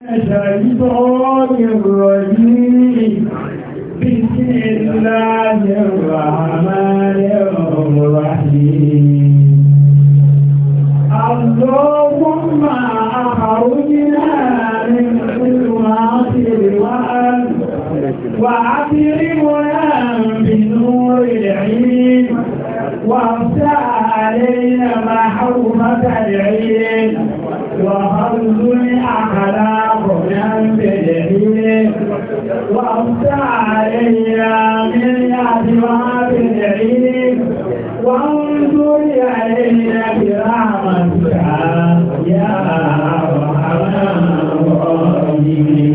الشيطان الرجيم بسم الله الرحمن الرحيم اللهم أخرجنا من ظلمات الوهم وأكرمنا بنور العلم وافتح علينا محرومة العلم وخذل أخلاق وابتعي من أسواب العلم وانظر إلينا برحمتك يا أرحم الراحمين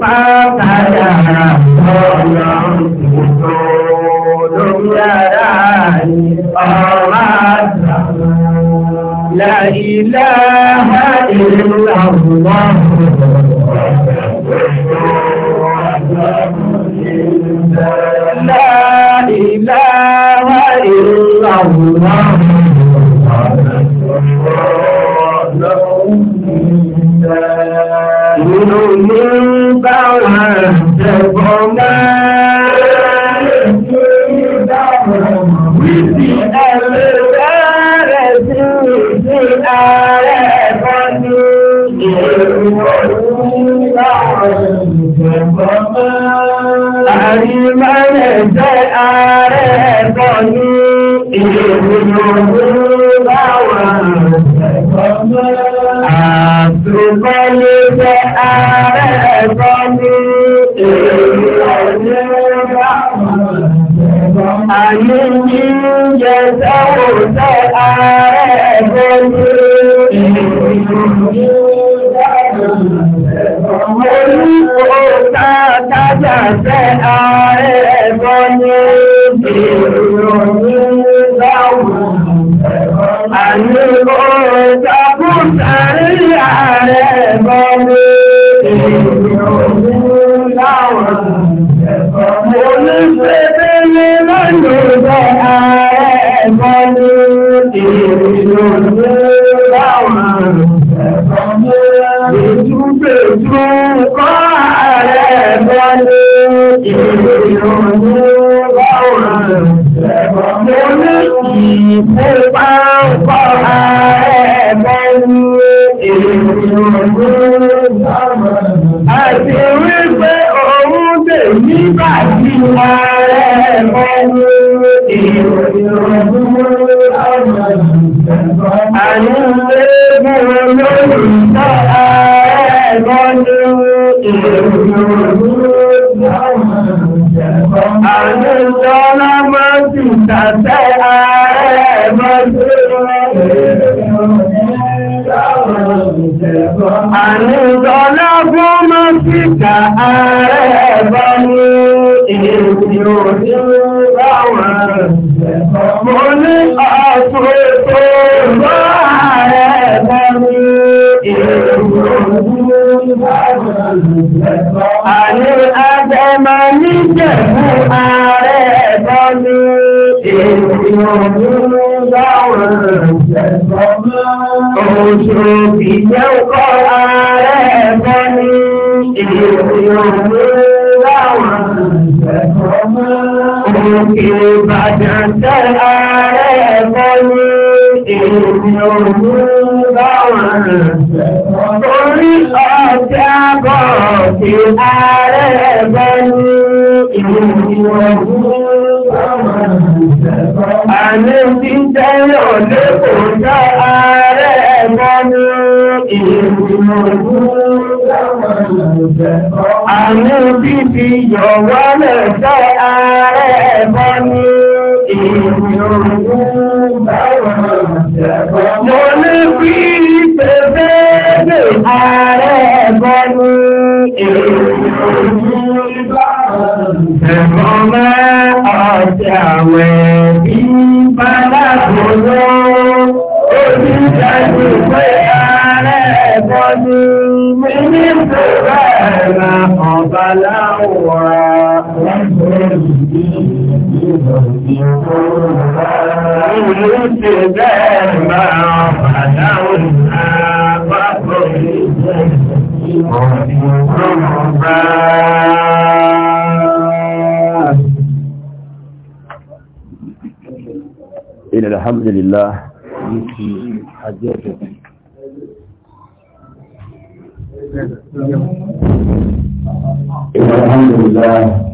pátáyà lọ́yà òṣèlú lórí ara ọ̀rọ̀ àjà. La ilaha illallah. rẹ̀ gbọ́dọ̀ Olúfẹ́ bẹ́rẹ̀ lọ́yọ̀ rẹ̀ ààrẹ gbọ́dọ̀ Àrùn ọlọ́gbọ́n máa fi kà ààrẹ ẹ̀bọn ní Oṣù ìjẹ́ ọkọ̀ ààrẹ ẹ̀fọ́ ní ìrìnlẹ̀ láwọn ìṣẹ̀fọ́ mọ́. Oṣù ìbàdàn tẹ́ ààrẹ ẹ̀fọ́ ní ìlú báwọn orí ọjà bọ̀ sí ààrẹ bẹ́nu ìlú báwọn àní tí tẹ́lẹ̀ ọ̀dẹ́ kò jẹ́ ààrẹ bẹ́nu ìlú àní tí fi yọ̀ wọ́lẹ̀ jẹ́ ààrẹ bẹ́nu ìlú Mo ní fi pẹ̀fẹ́ lè ààrẹ ẹ̀bọ ní Ẹ̀mọ́ máa ọ̀tẹ̀ àwẹ̀ bí bàbá kò lọ, ó ti jáde pé ààrẹ ẹ̀bọ ní mímísì rẹ̀ na ọ̀bá láwọ̀ إن الحمد لله إن الحمد لله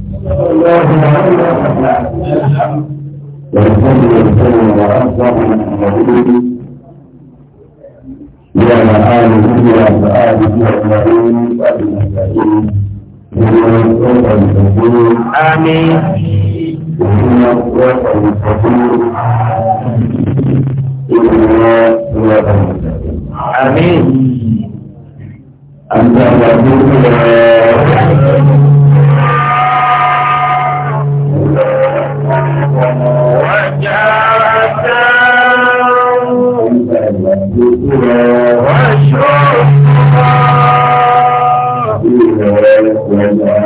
ويصلي ويسلم وأفضل من النبي وعلى آله وأصحابه أجمعين وبالمساكين آمين ومن الصراط المستقيم إلى صراط المستقيم آمين أنت رسول الله وجاءت وشرها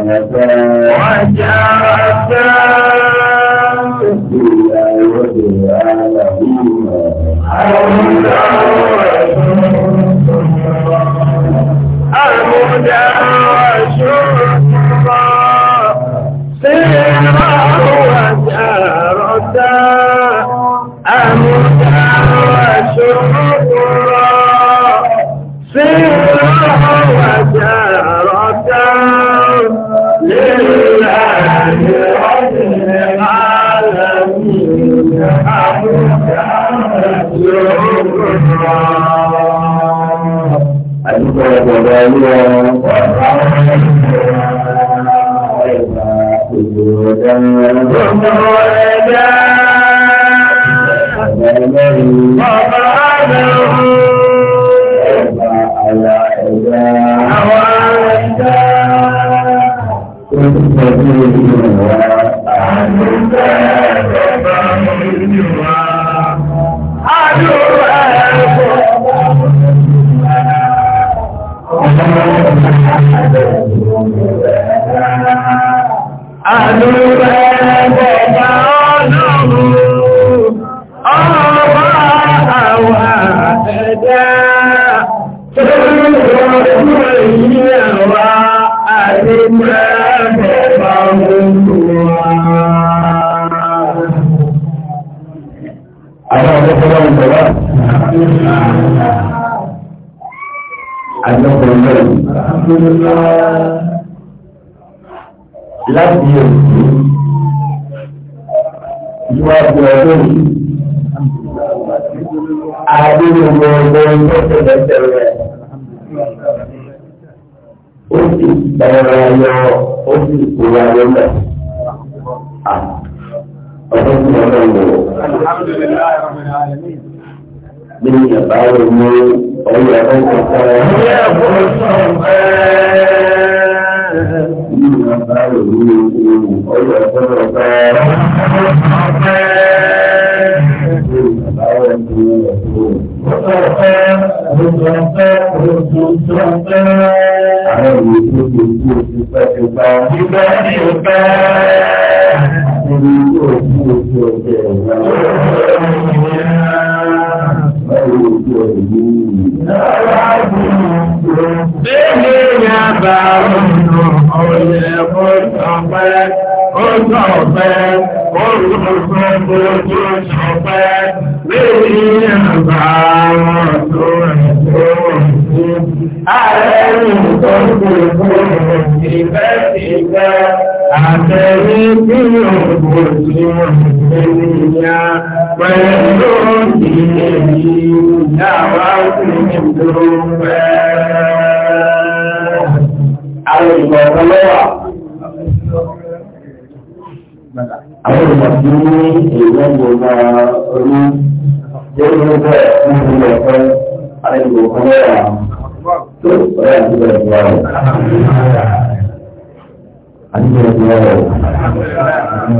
olúwa ọ̀gá òjòjá gbogbo ẹ̀dá ọ̀gá ẹlẹ́rìí ọ̀gá ẹlẹ́rìí. sí ìkóra lọ́lẹ̀. Ọjọ́ tí wọ́n lọ wọ̀. Bí ìjọba rẹ̀ mú ọyọ́ ọkọ̀ kan. Ìyá ẹ̀kọ́ sọ̀rọ̀ ẹ̀. Bẹ́ẹ̀ni, ìyá bá ọmọ òye kó sọpẹ́ ó sọpẹ́ ó sọpẹ́ kó tó sọpẹ́ lórí àgbà wọn tó ẹ̀kọ́ sí. Ààrẹ nìkan kò kó ìfẹ́ ìfẹ́ àtẹ̀rí tí òkú tí wọ́n ti níyà pẹ̀lú ìrìn ìyàwó àti ìdúró pẹ̀lú ààrẹ ìgbà ọ̀kan lọ́wà. Àwọn ìgbà tí ó ní èèyàn lè máa rí lórí ọjọ́ ní ìlú ọ̀kan ààrẹ ìgbà ọ̀kan lọ́wà. Tó ọ̀rẹ́ àti ìgbà ìgbà rẹ̀. Àti ìgbà ìgbà rẹ̀.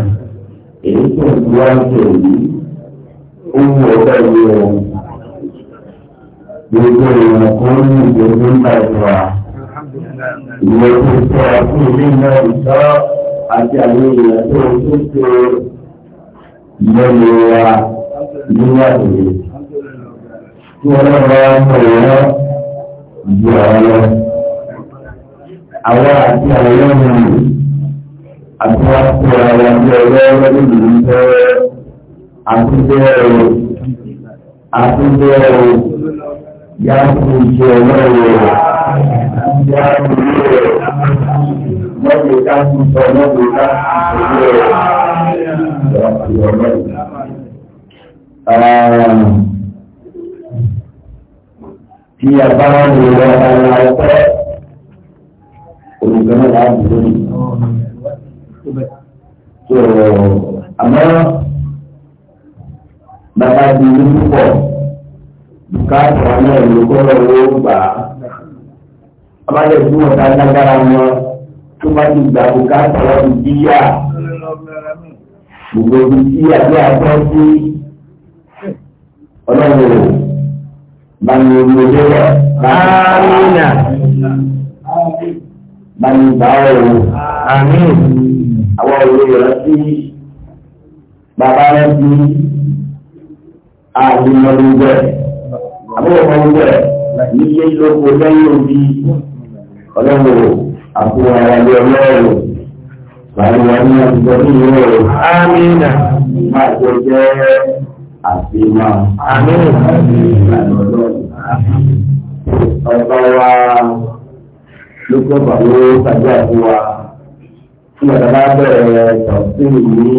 Èyí tó ń bu àjọ yìí, ó ń wọ ọ̀gá ìwé wọn. Gbogbo ìrìnàkó ní ìgbèríko ń bá ìtura ìwé tó sọ àti ilé náà ìṣọ́ àti àwọn èèyàn tó tó ṣe ìlọ́lẹ̀ wa níwájú rẹ̀. Tí wọ́n lọ bá ń bọ̀ wọ́n ju àwọn lọ. Àwọn àti àwọn ọmọ rẹ̀ àti wọ́n sọ àwọn ọmọ ẹgbẹ́ lọ́dún yìí ń fẹ́ àtúndẹ́ ẹ̀rọ àtúndẹ́ ẹ̀rọ yá fún iṣẹ́ ọlọ́rọ̀ yá fún ilé rẹ̀ lọ́dẹ̀ ká fún sọ lọ́dẹ̀ ká fún ilé rẹ̀ yá fún ọlọ́rọ̀. Tí a bá ń lọ ara ọpẹ́, olùgbọ́n náà láti lórí. Àmọ́ bàbá di ní púpọ̀ káàkiri náà ló kọ́rọ̀ owó gbà á. Abájẹ́ tí wọ́n ta lágbára wọn tó bá ti gbà kó káàkiri wọn ti yá. Gbogbo ibi tí àti àtọ́ sí ọlọ́run bani omi ojú rẹ̀ báyìí. Bani gbà àbúrò kan ń bẹ̀ níye lóko lẹ́yìn òbí ọlọ́wọ́ àpò ara lé ọlọ́rọ̀ báyìí wà ní àtijọ́ ní ìlú rẹ̀. Amínà. Má jẹ jẹ́ àfihàn. Amínà. Ìlànà ọlọ́run. Ọba wa lókè bàbá tàbí àbú wa fún ọ̀dà bá bẹ̀rẹ̀ tọ̀sí ní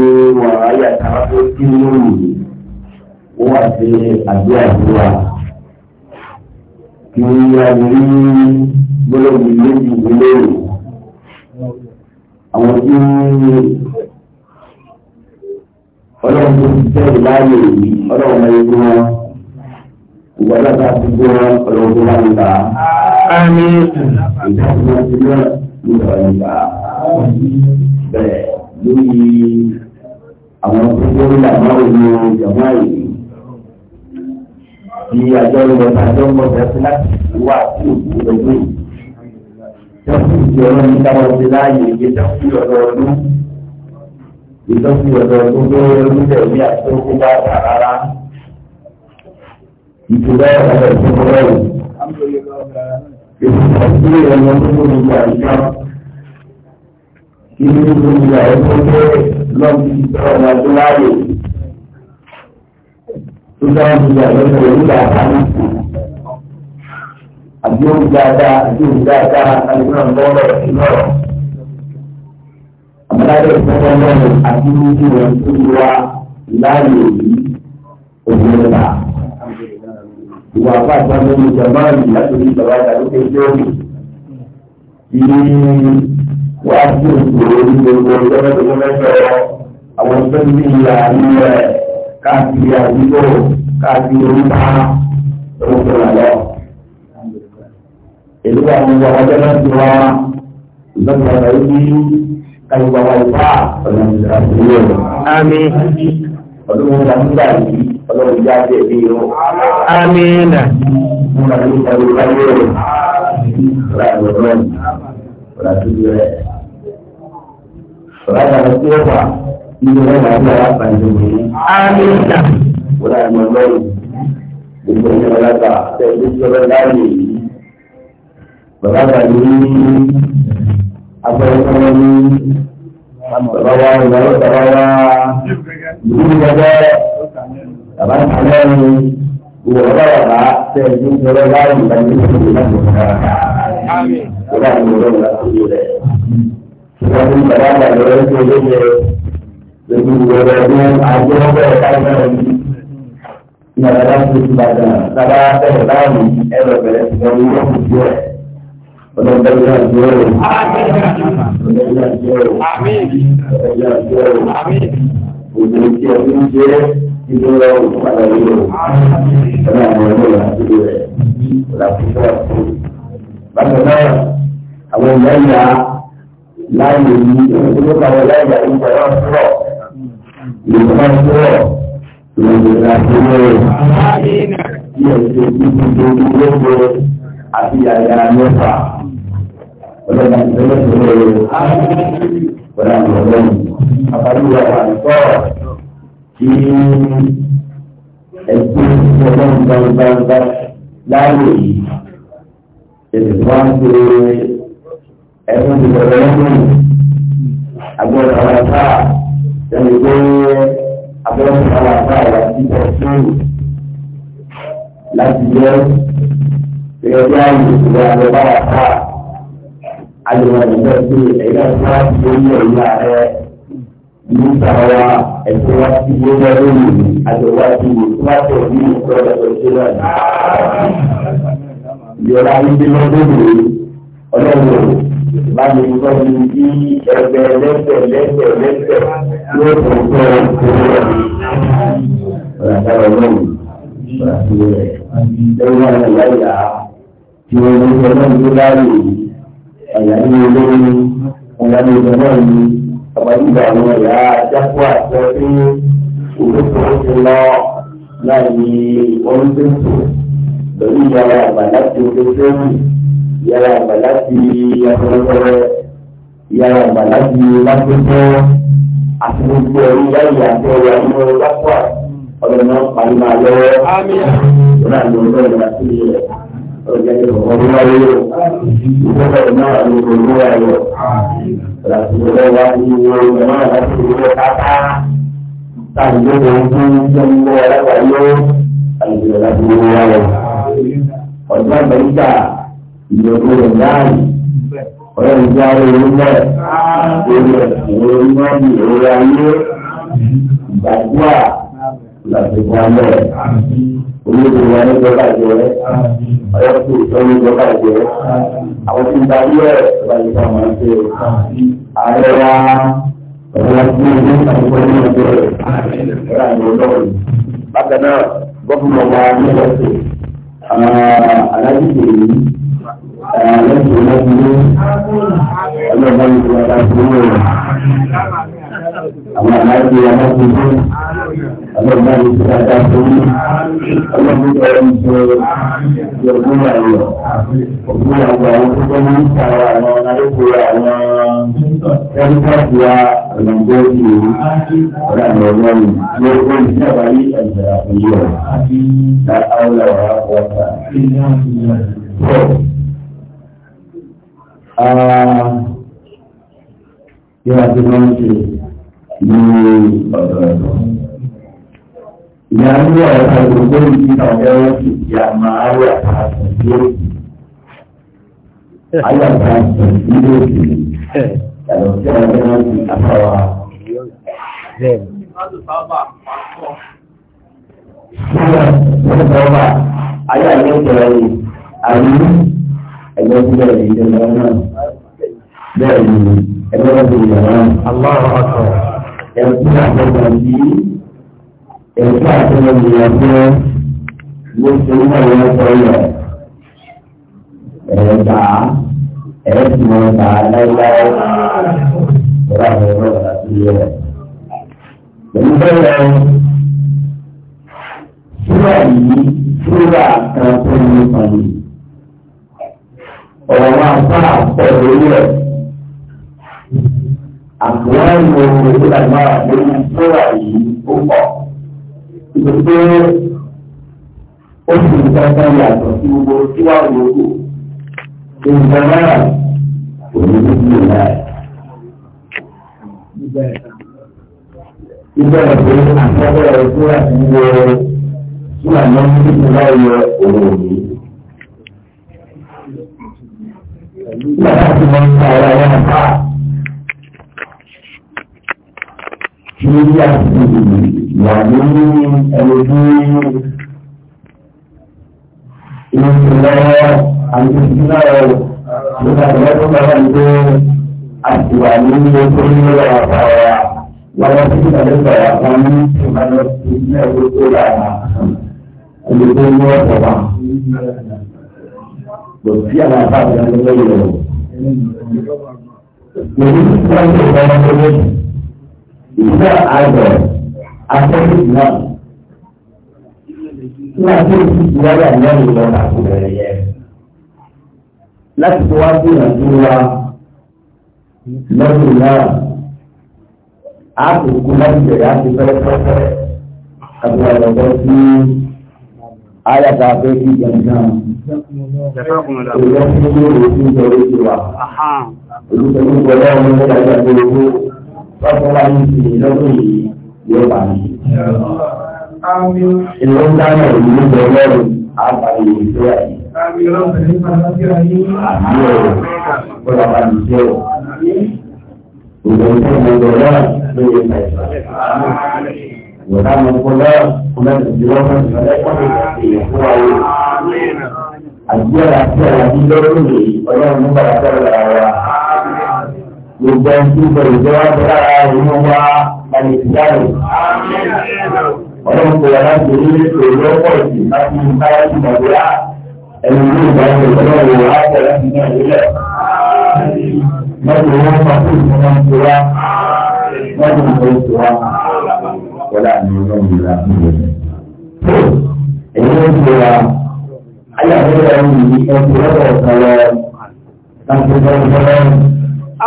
wàhálà tàbí tó kí ní Wọ́n wà sí àbí àbú wa tí a lè rí gbọ́lọ́gbì méjì nílé rẹ̀. Àwọn tí ọlọ́run tó ti tẹ́lẹ̀ láàyè yìí, ọlọ́run máa yẹgbọ́n wọn. Ìgbàlá ta ti gbọ́ ọlọ́run tó láàyè bá. Àmín. Ìjọba ti náà ló lọ ní bá. Bẹ́ẹ̀ àwọn tó gbọ́ ìlànà òun ìjọba bí àjọ ìwọ̀n àjọ ń bọ̀ tẹ́sí sí òkú ẹgbẹ́ yìí. Tẹ́sí ti ọ̀rọ̀ ní káwọn ti láàyè ìgbé tẹ́sí ọ̀dọọdún. Ìtọ́sí ọ̀dọọdún tó rúbẹ̀ ní àti ó kó bá wà rárá. Ìtura ọ̀rọ̀ ìfowópamọ́ yìí. Èsì àti ìrọ̀lẹ́ tó ìgbà ẹ̀kọ́ jẹ́ lọ́ọ̀bì ìtọ́ ọ̀nà tó láàyè ìgbà òjijì àlọ́jọ́ òjijì àtàlù àbí òjijì dáadáa àbí òjijì dáadáa àlùmọ́ ọ̀gbọ́rọ̀ ìlọ́rọ̀ àbáláyé ìfọ́jọ́ lọ́rùn àti níbi rẹ̀ tó ń wá láàyè yìí òjò ọ̀la. ìwà àpáàtà lórí ìjọba yìí látòrí ìjọba ìdàlókè lórí ìlú wá sí òkúrò ní gbogbo ìjọba ìdàlókè lọ́wọ́ àwọn ìfẹ́ káàkiri àdúgbò káàkiri oríta orúkọ lọ. èyí wà ní ọjọ́ ọjọ́ náà ti wá ìgbàgbọ́ ọ̀rọ̀ yìí káyọ̀ bàbá ìfà ọ̀nà ìdàgbàsílẹ̀ rẹ̀. àmín. ọdún mẹ́ta nígbà yìí ọlọ́run yá bẹ̀ bí o ilé wọn wà fún wa pàṣẹ wọn ní. amínà. wọn náà mọ lọ́rùn gbogbo ní ọlọ́gbà tẹ̀lé sọ́dọ̀ láàyè yìí. bàbá bá ní abẹ́rẹ́sọ́wọ́ ní bàbá wa ìyàwó bàbá wa ìlú ìjọba bàbá ìpínlẹ̀ ní gbogbo ọ̀gá bàbá tẹ̀lé sọ́dọ̀ láàyè láti ṣe ìlànà ìjọba. wọn náà mọ lọ́rùn láti ṣe rẹ̀. ìwádìí bàbá bàbá rẹ̀ ń ṣe lé Jadi beberapa aja orang kaya ni, nak ada sesuatu, nak ada sesuatu, eh beberapa orang yang berjuang, orang berjuang jual, berjuang jual, berjuang jual, untuk siapa siapa itu orang pada dia, orang orang orang itu, orang kita, bagaimana? Awalnya, lain ini, kalau lain dari orang lùkọ́ńtọ́ lòdìdà sílẹ̀ tí ẹ̀ṣẹ̀ títí dojú lóko àti yàrá mẹ́fà ọlọ́dà ìṣẹ̀lẹ̀ sílẹ̀ wọ́n á lọ lẹ́yìn. Àbáyọ̀ àtọ́ tí ẹgbẹ́ ìṣẹ̀lẹ̀ gbangba láàyè yìí tẹ̀sí wá ń pe ẹ̀rọ ìṣẹ̀lẹ̀ lẹ́yìn àgbọ̀dọ̀ ọ̀rọ̀ sáà ẹni pé abẹ́rẹ́ sábà bá wà síbẹ̀ sóòrò láti jẹ́ gẹ́gẹ́ bí àyè ìṣòro àlọ́ bá wà ká àyẹ̀wò àyẹ̀wò pé ẹ̀yà tó wá sí orí ẹ̀yà rẹ̀ ní sàrọ̀wá ẹ̀sìn wá sí gbogbo lórí àjọwá sí ìwòsíwájú ní ìṣòro ẹ̀sìn náà. ìyọ̀rá ń gbé lọ́dún ọlọ́run láti gbọ́ ní bí ẹgbẹ́ lẹ́sẹ̀ lẹ́sẹ̀ lẹ́sẹ̀ yóò tó tọ́ ìṣòro rẹ̀ ọ̀làdá ọlọ́run ọ̀làdúró rẹ̀ lẹ́yìn àwọn ìyáyà tí wọ́n ní ọlọ́run tó láàyè ẹ̀yà ní olóyún ẹ̀yà ní ọlọ́run ní àgbàdìgbà àwọn ẹ̀yà jápọ̀ àṣẹ pé òkúta ti lọ láàyè ìwọ́n tó tò lórí ìyára àgbàdá tó tó sẹ́yìn yàrá àgbà láti afẹ́fẹ́ yàrá àgbà láti lágbègbè àti gbogbo ẹ̀rí láyé àti ẹ̀rí àyíwọ̀ lápá ọ̀dọ̀ náà parí máa lọ́wọ́ ọ̀nà àgbà ọ̀dọ̀ ìgbà sí ilẹ̀ ọ̀dọ̀ ìgbà ọ̀dọ̀ wáyé ìgbà náà àlejò ìlú ayọ̀ láti ìgbà wá ní ìwọ̀n ìgbà náà láti ìgbà káká táàbí lóde ọdún tó ń bọ̀ alágbàáyé àlejò láti ìgbà wáyọ̀ ọ̀dọ̀ àgbà ìjọba rẹ̀ dáàbì ọlọ́run já orí náà orí ẹ̀sìn orí náà ní orí ayé ìgbàgbọ́ à làbẹ̀wò alẹ́ olóògbé wa ní ìjọba ìjọ rẹ̀ ọlọ́pàá ìjọ ní ìjọba ìjọ rẹ̀ àwọn tí ń darí ẹ̀ ìwádìí kan máa ń ṣe ààrẹ wa ọ̀rọ̀ tí ó ní àkókò ní ọjọ́ rẹ̀ ọ̀rọ̀ àmì ọlọ́run bákan náà gọ́fúnà wa ní ọ̀sẹ̀ aláàbí kèrè yìí ẹ̀ẹ́dẹ́gbẹ̀rún lọ́dún ọlọ́gbọ́n ìgbà láti owó rẹ̀ àwọn aláìsí aláìsí ọlọ́gbọ́n ìgbà láti owó ọlọ́gbọ́n ìgbà láti owó ọdún àyọ̀ ọdún àgbà àwọn tó tọ́ ní ìtara àwọn aláìsí àwọn ẹ̀ẹ́dẹ́gbẹ̀rún wa ọ̀làǹdẹ́ ìlú ọ̀làǹdẹ́ ọlọ́run ní ọgbọ́n ìjọba yí ẹ̀jẹ̀ àfihàn láàárọ̀ àwọn ọ̀pọ̀ bí a ti máa ń ṣe ní ọ̀dọ̀ ẹ̀dọ̀. Ìyàwó ọ̀rọ̀ ìgbòho ìdí ọ̀gẹ́rẹ́ sì ti àmà ayé àtàkùn sí òkè. Ayé àtàkùn sí òkè. Yàtọ̀ sí ọ̀gẹ́rẹ́ sì àtàwà. Sílẹ̀ ní ọ̀gá ayé àyẹ̀kẹ̀rẹ̀ yìí, àyè ẹgbẹ́ tí bẹ́ẹ̀ ni ìjọba náà bẹ́ẹ̀ ni ẹgbẹ́ wọn ti yàrá. aláwọ̀ ọ̀tọ̀. ẹ̀kú àtọ̀gbà sí ẹ̀kú àtọ̀gbà sí ẹ̀kú ló ṣe ń bá wọn sọ yọ. ẹ̀ẹ́dà ẹ̀ẹ́dùn ọ̀dà láíláí ọ̀rọ̀ àwọn ọ̀rọ̀ àti ìyẹn. èyí bẹ́ẹ̀ síra yìí síra kan tó ní ìpàdé ọ̀rọ̀ máa bá àpọ̀ lórí rẹ̀. Àgbọ̀n ìwé ìwé tó dà máa lórí sóra yìí ó pọ̀. Ìgbésí ó sì ń tọ́jú yàtọ̀ sí gbogbo tí wàá lóko. Ìgbà náà kò ní bí ìlú náà. Ìbẹ̀rẹ̀ pé àkọ́kọ́ ẹ̀rọ ti ń yọ sóra náà ní ìlú náà yọ láti mọ ara wọn ká lórí àti wà lórí ẹni tí ó ti lọ́wọ́ àti ti náà nígbà tí wọ́n tó bá wà ní pé àti wà lórí ojú nílò kò sí àwọn àbáàbí ẹni lẹ́yìn rẹ̀ o. Èyí tí wọ́n ti sọ wọn lórí ìgbà àgbẹ̀ afẹ́lẹ́ náà. Ní àti èsì ìwádà lẹ́yìn lọ àti bẹ̀rẹ̀ yẹ. Láti tó wá gbìyànjú wa lẹ́yìn náà, a kò kú láti bẹ̀rẹ̀ àti fẹ́rẹ́fẹ́rẹ́ àti àgbàdo sí. Ayà ta fẹ́ kí gangan. Ìjọba fún mi lórí ojú ìjọ ojú wa. Olùkọ́ ní ìjọba ọmọ ní ìdájọ́ àti owó. Bọ́sọ̀ wá ní ìsìn lọ́dún yìí yóò bá mi. Ìlú ń dáná ìlú ń bọ̀ lọ́rùn àgbàdo ìlú ẹ̀. Àmì ọ̀rọ̀ kọ́lá bá mi jẹ́ ọ̀. Ìjọba ìjọba ọ̀rọ̀ náà ló yẹ ká ìgbà. ولا مقولا ولا تجربة ولا يكون Àjíyà àti àyàbí lọ́rọ̀ lè ọlọ́run ní bàbá tẹ́lẹ̀ lára wa. Gbogbo ẹni tí ìbẹ̀rù jẹ́ wá bẹ́ẹ̀ lára inú wa láti ìdáàrò. Ọlọ́run kò wá láti rí èrò lọ́pọ̀ ìsìn láti ní báyà sí Nàìjíríà. Ẹni ní ìdáàrò ọlọ́run wà á tẹ̀lé sí Nàìjíríà. Mọ́tò wọn máa tó ìfúnná ń tura. Mọ́tò ìfúnná ń tura wọlé àmì ọlọ́run ìlà èyí ló ti wá ayàwó ẹ̀rọ yìí ẹ̀kọ́ lọ́wọ́ ọ̀sọ̀rọ̀ láti lọ́wọ́ ọ̀sọ̀rọ̀.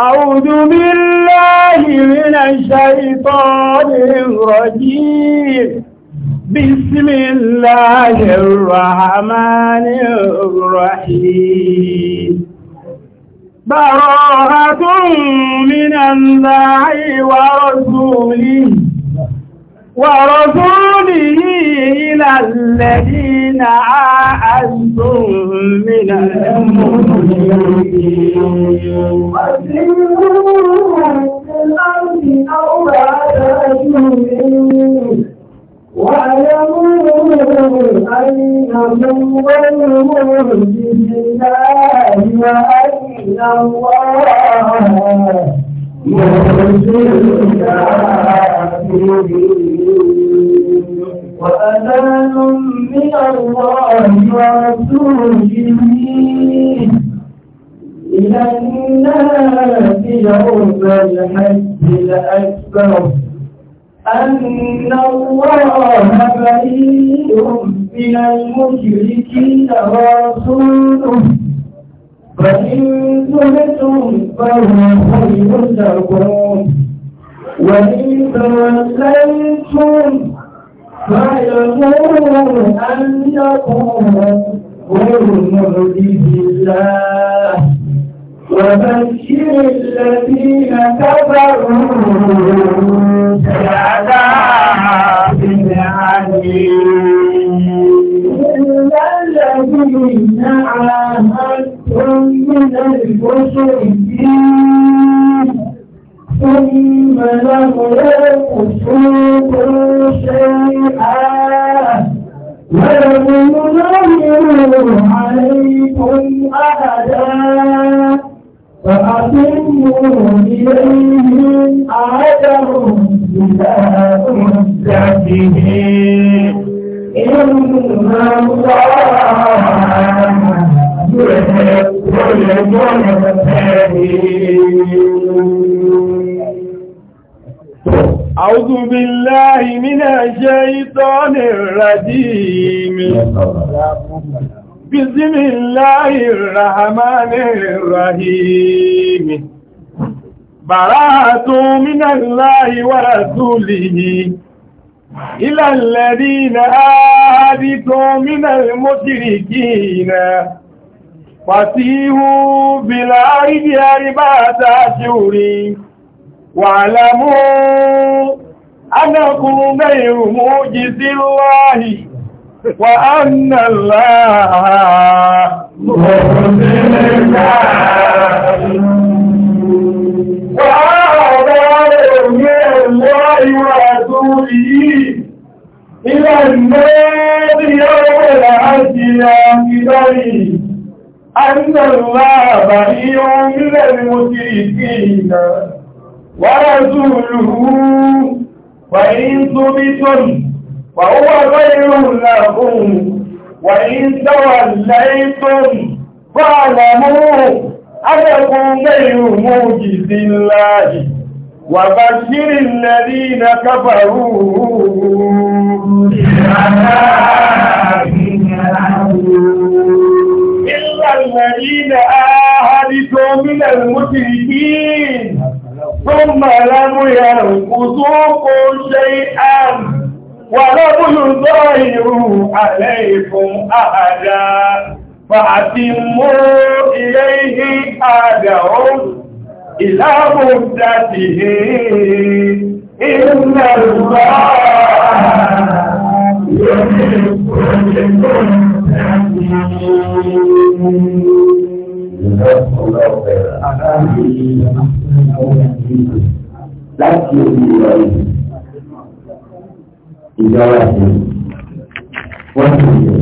أعوذ بالله من الشيطان الرجيم بسم الله الرحمن الرحيم براءة من الله ورسوله ورسوله إلى الذين عاهدتم من المؤمنين واعلموا أنهم غير بالله وأن الله وأذان من الله ورسوله إلى الناس يوم الحج الأكبر أن الله بريء من المشركين ورسوله فإن تبتم فهو خير لكم وإن توليتم فيقول أنكم غير معجز الله وبشر الذين كفروا بالعذاب العليم إلا الذين عاهدتم من المشركين ثم لم يقصوكم شيئا ولم يظهروا عليكم أحدا فأتموا إليهم أعدهم إلى مدتهم أعوذ بالله من الشيطان الرجيم بسم الله الرحمن الرحيم براءة من الله ورسوله إلى الذين آهدتم من المشركين فسيهوا بالأرض أربعة أشهر واعلموا أنكم غير موجز الله وأن الله مؤمن وآذان من الله ورسوله إلى النار يوم العز يعقبني أن الله بريء من المشركين ورسوله وإن تبتم فهو خير لكم وإن توليتم فاعلموا أنكم غير موجز الله وبشر الذين كفروا إلا الذين آهدتم من المشركين ثم لم ينقصوكم شيئا ولم يظاهروا عليكم أحدا فأتموا إليه أحدهم إلى مدته إن الله يحب láti orí ìwà yìí ìjọba ìlú wọ́n ti yẹ.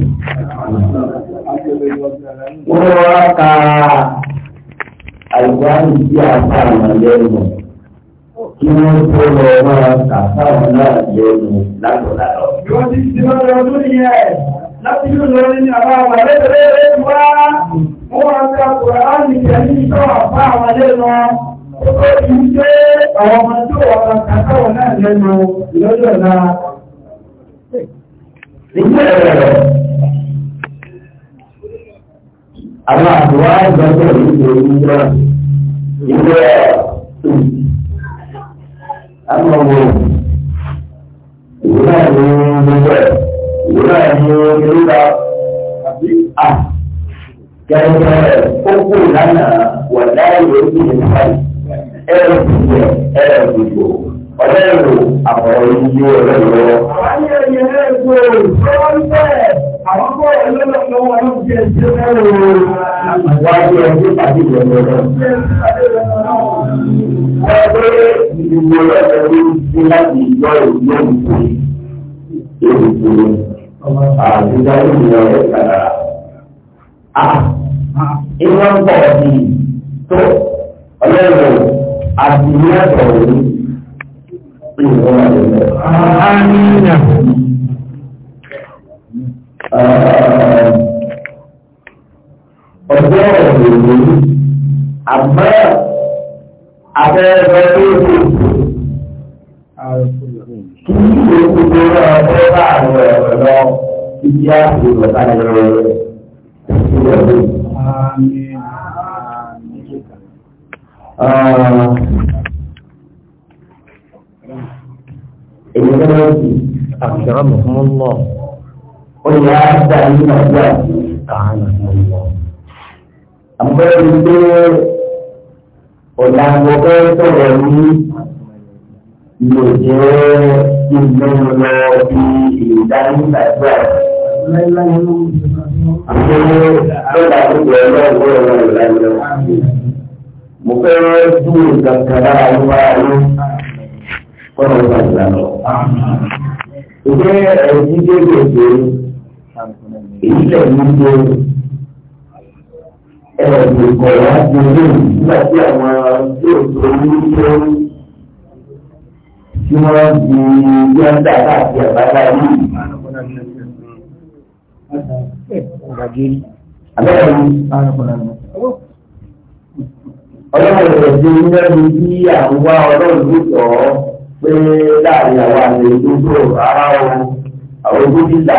Wọ́n wá ka àìsàn tí a fà wọn lẹ́nu kí wọ́n tó lọ máa kàfà wọn náà lẹ́nu látọ̀látọ̀. yóò ti ti máa lọ tó yẹ láti yóò lọ ní àbá wọn lẹ́tẹ̀lẹ́rẹ́ wá wọ́n wá ká kùrọ̀ á ní kẹ́lí tó lẹ́nu ó tó ti àwọn ọmọ tó wọ́n wọn náà lẹ́nu lọ́jọ́ náà àwọn àbúrò àgbàgbọ́ ìlú ìjọ ìlú ẹ̀ àwọn ọmọ ìlú náà ah. ní gbogbo ẹ̀ ìlú náà ní ìlúta gẹ́gẹ́ kókó ìlànà wà láàyè ojú ìlúta ẹ̀rọ ìgbẹ́ ẹ̀rọ ìgbò ọ̀lẹ́rù àbọ̀rọ̀ ìlú ọ̀rẹ́ lọ́wọ́. Àwọn tó rẹ̀ lọ́lọ́ lọ́wọ́ ọlọ́run jẹ́ ìṣẹ́ mẹ́rin ooo. Wáyé ẹgbẹ́ pàdé ìjọba ọ̀rọ̀. Ẹgbẹ́ ìdìbò lọ́sẹ̀ ló ń ṣe láti ìjọ ìlú òkú. Èkó àtijọ́ ìlú rẹ̀ kàdà. À ìwọ ń bọ̀ sí tó ọlọ́run àti ìlú ẹ̀sọ̀ òní. Ìwọ́n àti ìlú. Àmì ìyàwó ọjọ́ ìròyìn àmọ́ abẹ́rẹ́ tó kù kí ìwé gbogbo náà fẹ́ bá àwọn ẹ̀rọ lọ ibi àbúrò láyé Èyí ló ń bí. Àṣà mọ̀mọ́ náà ó yẹ á dá nínú ọjọ́ àti ìkànnì ìmọ̀. àbúrò pé ọ̀la àgbọ̀kẹ́ sọ̀rọ̀ ní ìlò jẹ́ ìlú lọ bí ìdánilàgbà. Àṣé lọ́dà tó bẹ̀rẹ̀ lọ́wọ́ ẹ̀rọ ìlànà. Mo fẹ́ dúró kankan lára ló wá ló kọ́nà ìgbà ìlànà. Ìgbẹ́ ẹ̀jí ìṣẹ̀lẹ̀ gbogbo ẹ̀rọ ìkọ̀rọ̀ àti nígbà tí àwọn tí ò tó ní tó tí wọ́n di yọ̀ǹda àti àbára yìí. Ọlọ́run rẹ̀ ti ń lẹ́nu bí àwa ọlọ́run ló sọ pé láàrin àwa àti ètò ara o, àwọn ojú títà.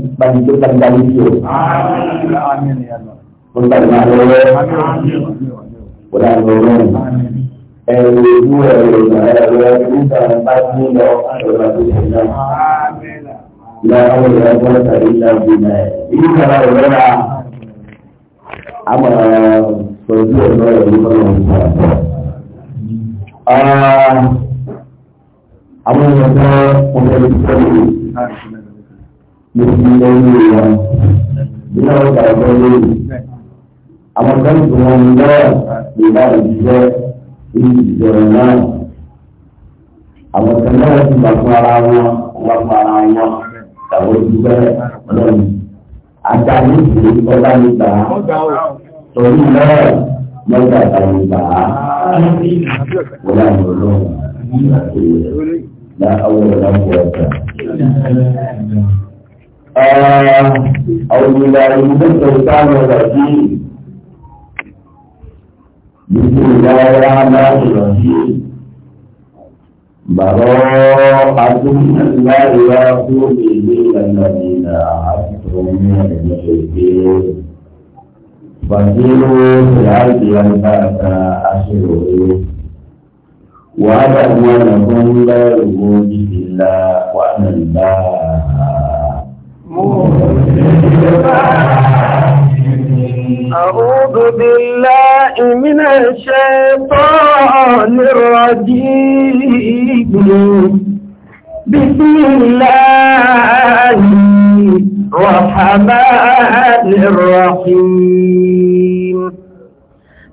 bani tó bani bani tó. Mo gbàgbé máa lọ rẹ̀. Mo là lọ rẹ̀. Ẹ̀rù ojú ẹ̀rù ẹ̀rù ẹ̀rù nígbà bá ní lọ àdọ̀rọ̀ tó ṣe náà. Láwọn ọ̀rọ̀ ẹ̀rọ tàbí láti nà ẹ̀. Ibi kàrà ọ̀rọ̀ rà. A mọ̀ sọ̀rọ̀ sí ọ̀rọ̀ ẹ̀rù nígbà náà. Àwọn ènìyàn tó ń bẹ̀rẹ̀ sí mo fi lọ́wọ́ wọn bí wọ́n gbà ọjọ́ lórí. Àwọn kan tó wọn ń lọ́wọ́ lè bá ìṣiṣẹ́ ìlú ìṣẹ̀rẹ̀ náà. Àwọn kan náà ti gbà fún ara wọn, wọ́n fún ara wọn, tàwọn ìdúgbẹ́ lọ́nà. Àjà ní ìṣèlú ọba ní gbà á. Torí náà lọ́jà ìtàwọn ìgbà á. Wọ́n yà wọ́n lọ́wọ́. La awla la أعوذ بالله من الشيطان الرجيم بسم الله الرحمن الرحيم براءة من الله ورسوله إلى الذين عهدتم من المشركين فسيروا في الأرض أربعة أشهر واعلموا أنكم لا يرجون إلا وأن الله أعوذ بالله من الشيطان الرجيم بسم الله الرحمن الرحيم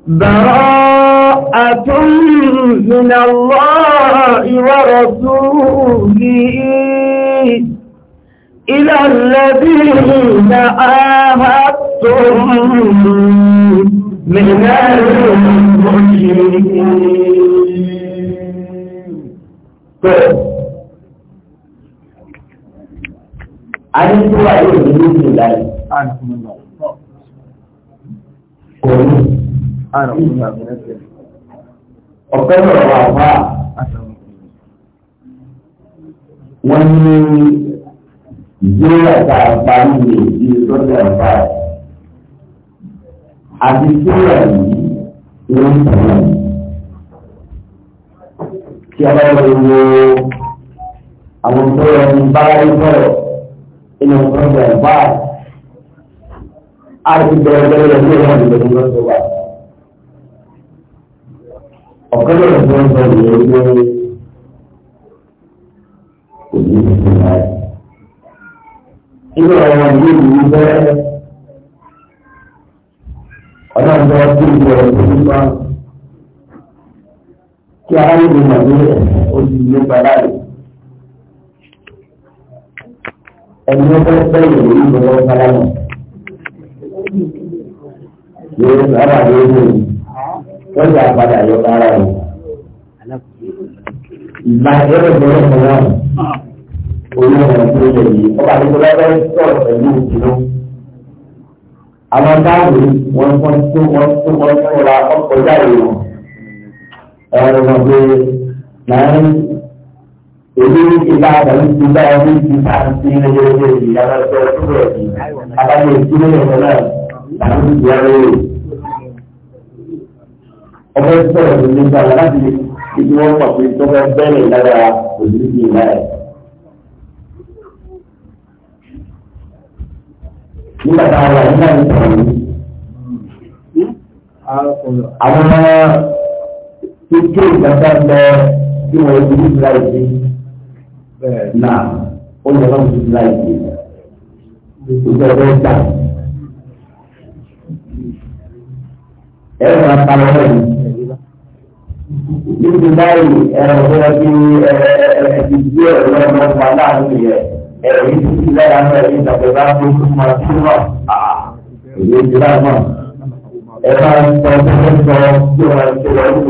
براءة من الله ورسوله إلى الذين آهدتم من المشركين àti tí wà yóò di lóṣù láyé. Kò Ọ̀pẹ́ lọ̀rọ̀ àwọn wọ́n ìgbéra tá a parí lè di lọ́dọ̀ ọ̀bá ẹ̀. àti síra yìí ló ń tẹ̀lé. kí a bá lọ wo àwọn tó yẹ ní báyìí sọ̀rọ̀ inú lọ́dọ̀ ọ̀bá ẹ̀. a ti bẹ̀rẹ̀ bẹ̀rẹ̀ lórí ọ̀dọ̀ ìgbẹ̀rún lọ́dọ̀ wa. ọ̀kan lọ́dọ̀ tó ń sọ ìyẹn lórí kò ní í ṣe inú àwọn ìlú ìlú bẹ́ ọlọ́dọ̀ tí ìlú ọ̀rọ̀ tó ń bá kí a rí ìlú màdé oṣù ìlú padà rẹ̀ ẹni ọgbẹ́ fẹ́ ìlú ìlú ọ̀rọ̀ padà yóò sára yóò ní lọ́jà padà yóò bára rẹ̀ ìgbà yóò bẹ̀rẹ̀ padà olóòrùn tó lè yí ọba tó lọ sọ̀rọ̀ pẹ̀lú ìdúró. àwọn táàbù wọn kọ́ tó wọn tó wọn tó ra ọkọ̀ jáde wọn. ẹ̀rọ wọn pé náà èyí ti bá àgbàlú ti bá ọdún ti bá ti ní ẹgbẹ́ ìyá lọ sọ tó rẹ̀ sí. abájọ ìdílé náà làwọn ti yára rẹ̀. ọmọ ìsọ̀rọ̀ ló láti ìdíwọ́ pàpẹ́ tó fẹ́ bẹ́ẹ̀ lára òdìdí ìlà ẹ̀. nígbà tá a wà nígbà ní ìtàwé. Àwọn kéèké ìgbàgbà lọ sí wọn ibi ìgbà ìdí náà ó lọ lọ́wọ́ ìgbà ìdí ìgbà ìgbà ìgbà. Ẹ̀rọ máa ta lọ́wọ́ yìí. Níbi báyìí ẹ̀rọ tó yẹ kí ẹ̀ẹ́dì díẹ̀ lọ́wọ́ wà láàárín yẹn ẹ̀rọ yìí ti lára náà yìí tàbí bá tó tó máa tó wà á èyí ti lára náà ẹ bá ń sọ tó ń sọ tí ó máa ṣe wọlé lò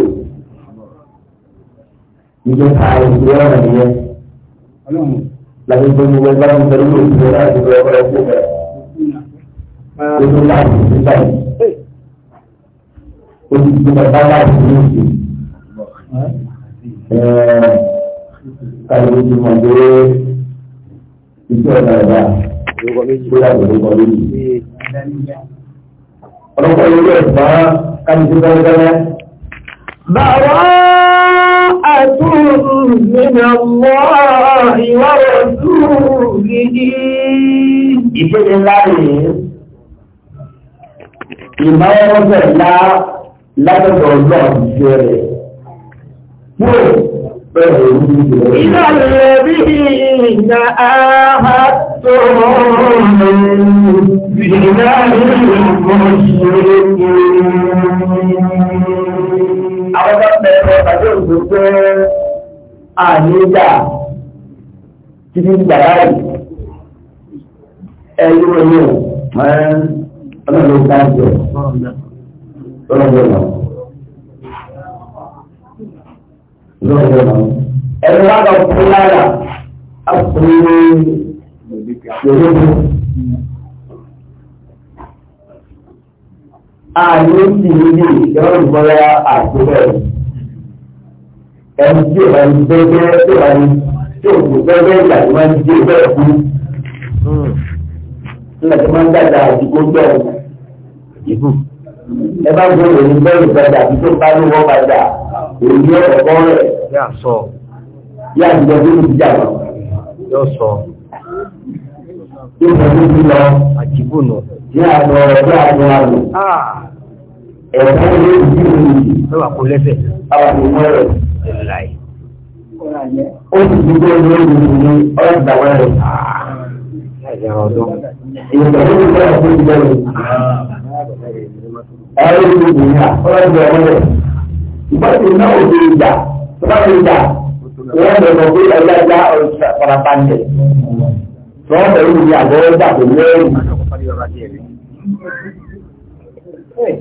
ìjọ ta ìdílé ọ̀rọ̀ nìyẹn láti tó gbogbo ẹgbẹ́ tó ń tẹ̀lé lò sí ọ̀rọ̀ àti ọ̀rọ̀ ọ̀rọ̀ tó bẹ̀rẹ̀ tó iṣẹ́ ọ̀la ẹ̀dá bóyá kò lóko méjì. ọlọ́pàá ilé ẹ̀fọ́ kájí tó bẹ́ẹ̀ bẹ́ẹ̀. bàbá àtúntò nínú ọmọ ìwà ọ̀tún gidi. ìpele ńlá rèé ìmọ̀ọ́rọ́sẹ̀ ńlá látọ̀dọ̀ ọlọ́run ṣe rẹ̀. إلى الذين آهدتم من المشركين Àwọn ọmọ ẹ̀rọ ọ̀dọ́ ìgbòkó àníjà títí gbàrá yìí, ẹ̀rọ ẹ̀yọ̀ máa ń ọlọ́run ìgbàjọ́ ọlọ́run ọ̀dọ́. ẹ̀rọ bá lọ kú láyà á kú lórí àní sì níbi ìjọba ìgbọ́lá àgbẹ̀rẹ̀ ẹni tí ò bá ní bẹ́ẹ̀ tó bá ní tí ò kò bẹ́ẹ̀ ìgbà tó máa ń di bẹ́ẹ̀ kú nígbà tó máa ń dàgbà àdúgbò gbẹ̀rù ìbù ẹ yà sọ. yà á jẹ bí ibi jà lọ. yóò sọ. yóò sọ bí ibi lọ. àjìbù nù. yà á lọ yà á lọ àlọ. ẹ̀ka ilé ìdí mi. ẹ wà kó lẹ́sẹ̀. àwọn kò mọ rẹ̀. ẹ̀ láì. ó sì ti gbé ní orí mi ọ̀dà wẹ̀rẹ̀. ẹ̀jẹ̀ ọdún. ìgbàlódé ìgbàlódé ìgbàlódé. ẹ̀rọ ìgbàlódé ìgbàlódé ìgbàlódé. ìgbàlódé náà ò wọ́n ìjà wọ́n bẹ̀rẹ̀ pé ẹlẹ́gbẹ́ ọ̀sẹ̀ farabalẹ̀ wọ́n bẹ̀rẹ̀ ìwé àgọ́wọ́ gbà tó lẹ́rù.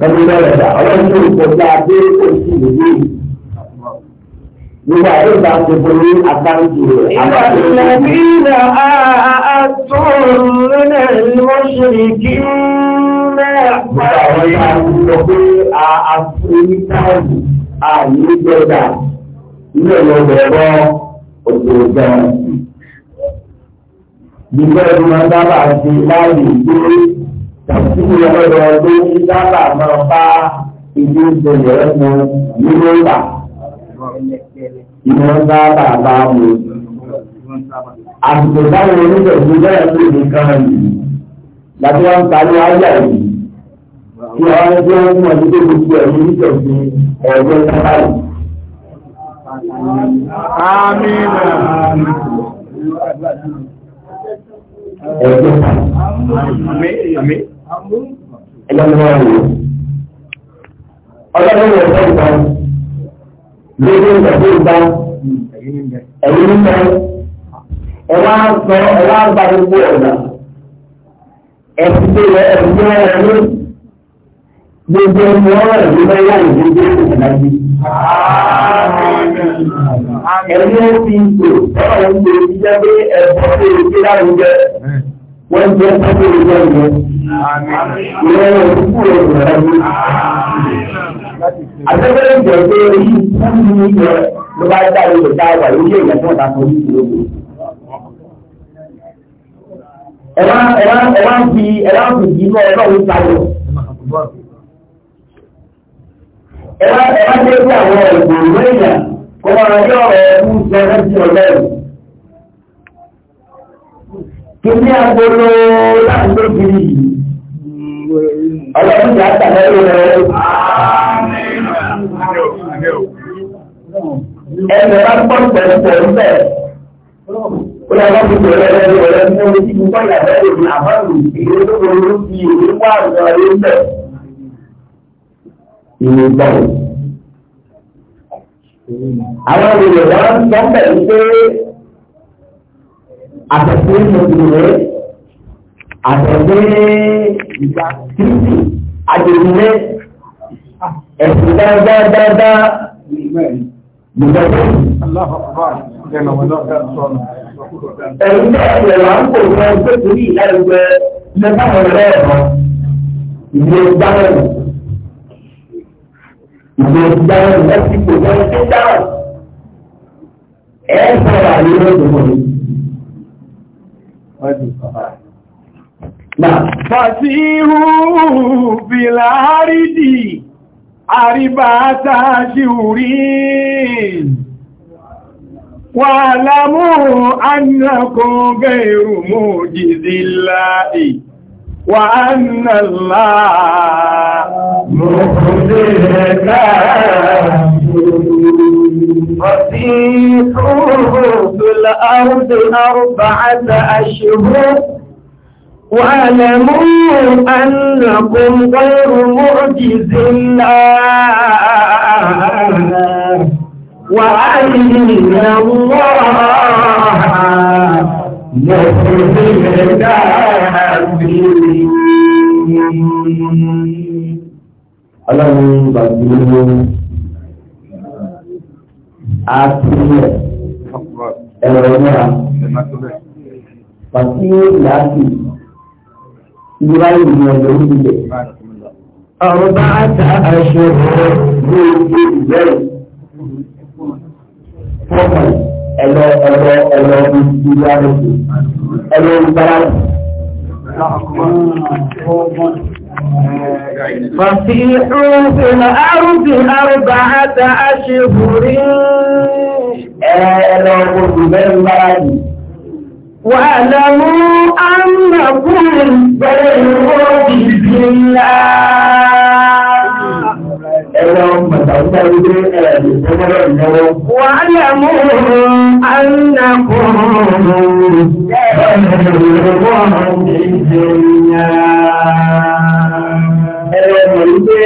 Ẹni bẹ̀rẹ̀ dà ọlọ́run tó ìkọjá dé òsì lèyí. Nígbà tó bá ti borí àkáǹtì rẹ̀. Ìgbàlódé àtúntò lónà lọ́sọ̀rì kí mẹ́rin. Nígbà wọ́n yá lọ pé àfúnítàlù àyè gbọ́dọ̀ ilé ìlọ́gbẹ̀ ẹ̀rọ òṣèlú Gbígbẹ́ ẹni máa ń dábàá ṣe láàyè gbé tàbí kí ọlọ́dọ̀ ọdún ní dábàá máa bá ilé ìjọyọ̀ ẹ̀mọ nínú ìgbà. Ìmọ̀ ń dábàá bá mu. Àsìkò táwọn oníbẹ̀rù bẹ́ẹ̀ ló lè kan yìí. Láti wá ń parí ayà yìí. Kí àwọn ẹgbẹ́ wọn mọ̀ ní gbogbo ẹ̀mí nítorí ẹ̀rọ ìjọba yìí. Àmín. Ọlọ́run ọ̀sẹ̀ ìgbà, lórí ìgbàgbé ìgbà, ẹ̀yìn ń bẹ, ẹwà ń sọ ẹwà ń gba gbogbo ọ̀nà, ẹ̀sìn tó yẹ ẹ̀sìn tó yẹ ẹ̀mí, gbogbo Ẹni ó fi ìgbò tọ́lá ń gbé ti jẹ́ pé ẹ̀fọ́ tó lè gbé lárugẹ. Wọ́n jẹ́ ẹ̀fọ́ tó lè jẹ́ ìwọ̀n. rẹ̀ rẹ̀ rẹ̀. Àtẹ́fẹ́lẹ́ ìjọ pé orí fún mi ìjọ ló bá dá ilẹ̀ dá lórí èèyàn tí wọ́n ta fún orí ìlú. Ẹ̀wá fi ìdí náà ọlọ́run ẹ̀rọ ẹ̀rọ jẹ́ sí àwọn ìgbòho èèyàn kó máa rí ọ̀rọ̀ ẹ̀kú jẹ́ lẹ́sí ọlẹ́rù kí ní agbóró láti ló kiri yìí ọlọ́run jẹ́ àtàlẹ́rù rẹ̀ ẹ̀rọ bá gbọ́ pẹ̀lú bẹ́ẹ̀ ó yà wọ́n fi bẹ̀rẹ̀ rẹ̀ rẹ̀ ní orí ìgbìmọ̀ ìyàbẹ̀rẹ̀ àbáwò ìgbìmọ̀ ìgbìmọ̀ ìgbìmọ̀ ìgbìmọ̀ ìwé báwo. Àwọn ènìyàn wá ń sọ bẹ̀ wípé àtẹ̀sí mọ̀tìrẹ́ àtẹ̀sí ìgbà títì àjèjìlẹ̀ ẹ̀sìn dáadáa Ìgbàgbọ́. Ẹ̀rù náà rẹ̀ wá ń pò fún ọgbẹ́ torí ìyá ẹgbẹ́ lẹ́gbàá rẹ̀ ẹ̀rọ ìwé gbáwẹ̀rù ìgbé ìdáhùn lásìkò lọ́wọ́ tó dáhùn. ẹ bìláàrídì àríbáta ṣìúrí wà lámú ànàkùn gẹ̀rù mú jìzìláì. وأن الله مخزي وفيحوه في الأرض أربعة أشهر واعلموا أنكم غير معجز الله وأن الله مخرج الكافرين ọlọ́run gbàgbọ́ àtúnyẹ̀ ẹ̀rọ náà pàtí láti ìwà ìlú ọ̀dọ̀ ìbílẹ̀. ọ̀rọ̀ bá ta aṣọ rẹ̀ ní ojú ìbẹ̀rẹ̀ fọ́ọ̀mù. ẹlọ ẹlọ ẹlọ ìdílé àlejò ẹlọ ìgbàlá. فسيحوا في الأرض أربعة أشهر واعلموا أنكم بين الله ẹ̀rọ màtàkùtà wípé ẹ̀rọ ìfọwọ́rọ̀ ìnáwó. wà á lè mú alákòóhùn ẹ̀rọ ìjẹ̀yà. ẹ̀rọ mọ̀ wípé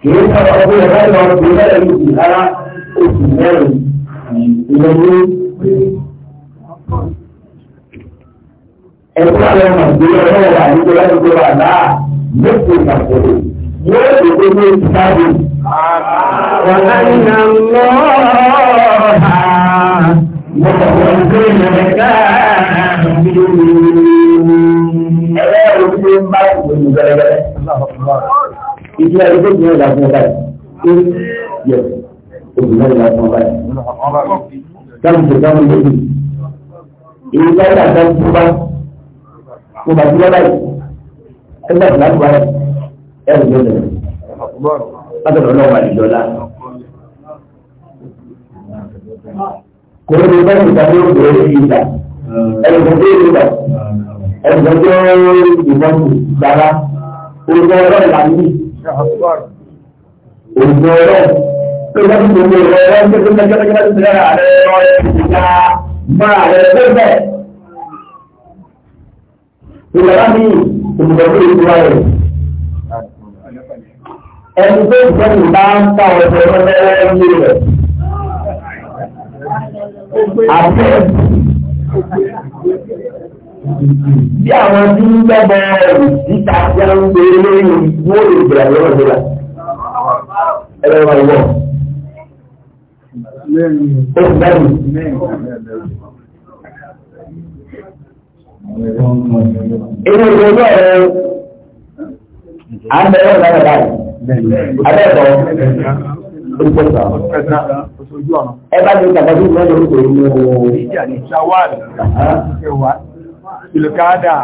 kìí sábà pé ẹ̀rọ lọ sí ẹ̀rọ ìjìlá oṣù mẹ́rin ìlọ́wọ́. ẹ̀kọ́ àwọn ọmọ ìgbéyàwó wà nígbà láti gbé wà náà lókè ìgbàgbọ́. ويقوموا بالحساب وأن الله وهو الكافرون Ìdí ayé tó ti ń la fún ọba yìí. Ṣé yẹ òbí náà la fún ọba yìí? Dáhùn tó dáhùn lójú. Èyí ká yà tó bá. Mo bàtí lọ́ba Ẹgbẹ́ ìlànà báyìí ẹrù lọ́dọ̀ látọ̀dọ̀ lọ́wọ́ àdìjọ́lá. kò ní bá ti ta lóògùn orí ìgbà ẹ̀rù tó dé ìgbà ẹ̀rù tó dé ìbọn gbàrà olùkọ́ ọ̀rọ̀ ìlànà olùkọ́ ọ̀rọ̀ tó bá ti gbogbo ọ̀rọ̀ ọ̀rọ̀ tó tó kẹ́kẹ́ kẹ́kẹ́ ti rẹ̀ ààrẹ ọ̀rẹ́ ìgbà máa rẹ̀ tó bẹ̀. ìlànà mi olùkọ́ ẹni tó ìgbẹ́ni bá ń ta ọ̀sẹ̀ ọ̀rẹ́ ẹni rẹ̀. Àti bí àwọn tí ń gbẹ́bẹ̀ ẹ̀rù síta tí a ń gbé lórí wó lè bẹ̀rẹ̀ lọ́wọ́ sílá. Ẹ̀rọ ìwà ìwọ̀. Ó ti bẹ́ẹ̀ Inú ìgbésẹ̀ rẹ̀ á bẹ̀rẹ̀ lára báyìí. Abẹ́ẹ̀kọ́ ẹ bá ní ìtàkàtí ìwé lórúkọ ìlú ṣawal ìlúkádà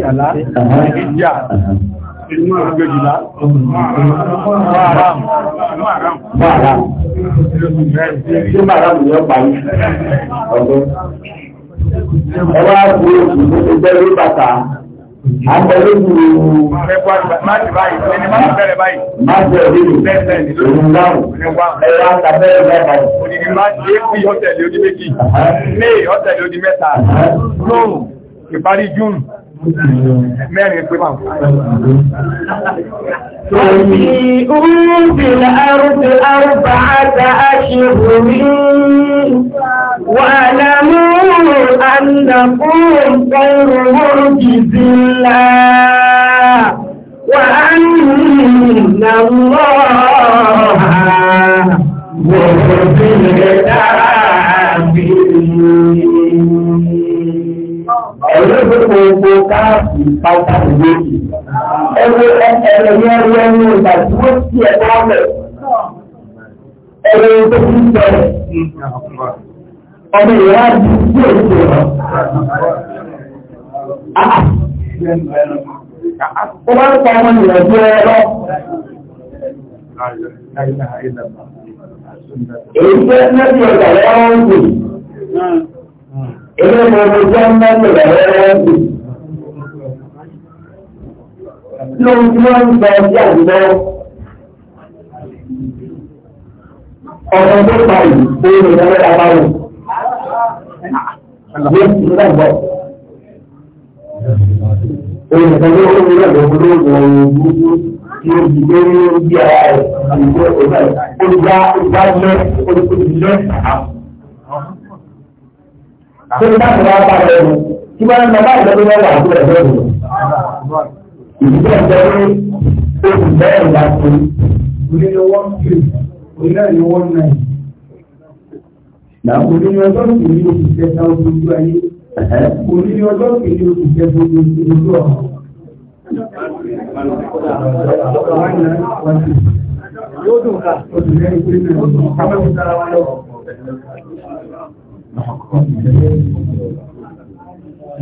yàlá ìjà inú ìgbèjìlá maram maram tí maram ni ó parí ọdún ẹwà gbogbo ìgbẹ́lú bàtà Àtẹ̀lẹ́gbù máṣe báyìí, ẹni máa bẹ̀rẹ̀ báyìí. Máṣe ẹ̀rí ìrùn dáhùn, ẹ̀rọ àtàbẹ̀rẹ̀ mẹ́ta. Òdìdí máa ṣe é kí ọ̀tẹ̀lẹ́ odi méjì, May ọ̀tẹ̀lẹ́ odi mẹ́ta, Rome, ìparí June. mẹ́rin pé máa Àti òmìnir àrùbí àrùbá àtà àṣìbòrí wà lámú ànàkùn pẹ̀rù orùbí sí ńlá wà ánìyàn lọ́wọ́ káàkiri pátá ìwé yìí. Ẹgbẹ́ ẹlẹ́yẹ ẹgbẹ́ ní ìgbà tí wọ́n ti ẹ̀kọ́ ọ̀fẹ́. Ẹgbẹ́ tó ti bẹ̀rẹ̀. Ọmọ ìyá di sí èso rẹ̀. Ó máa ń pa ọmọ ìyá jẹ́ ẹ̀rọ. Èyí jẹ́ mẹ́bí ọ̀gá lọ́wọ́ ń gbè. Ilé ìwọ̀n jẹ́ mẹ́bí ọ̀gá lọ́wọ́ ń gbè lórí tí wọ́n ń gba ọjọ́ àjùlọ ọ̀rọ̀ tó pa yìí tó yẹ lọ́wọ́ abáwọ̀. Àwọn ló ń lọ lọ́wọ́ lọ́wọ́ lọ́wọ́ tí ó di pé ó ara rẹ̀ àti ìgbẹ́ olùgbà olùgbà lẹ́ olùkọ́ Tó ń bá ìgbà bá rẹ̀ lọ, kí wọ́n ń bá ìgbà wà ní ẹ̀rọ ìlú ìdílé ẹgbẹ́ ní oṣù bẹ́ẹ̀ láti onílé one three onílé ní one nine làwọn onílé ọjọ́ kìíní oṣù kẹta ojú ayé onílé ọjọ́ kìíní oṣù kẹta ojú ọ̀hún. Yóò dùn ká. Oṣù mẹ́rin pé mẹ́rin. Ká má fi sára wa lọ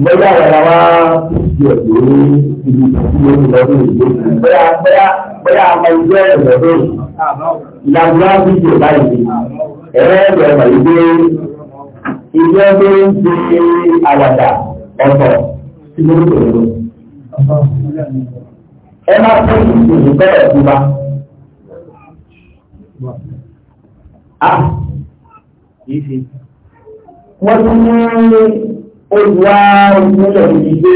bóyá yàrá wa ti ọ̀dọ́ ibi tí ó ti lọ́dún ìlú bóyá bóyá bóyá ọmọ ìjọ ìrọ̀dọ́ ìlànà ti ṣe báyìí ẹ̀rẹ́ ìrọ̀mà ìgbé ìjọ tó ń ṣe àwàdà ọ̀tọ̀ tí ẹ má fún ìṣòro bẹ́ẹ̀ bá. wọ́n tún ní ó wá nílẹ̀ níbi pé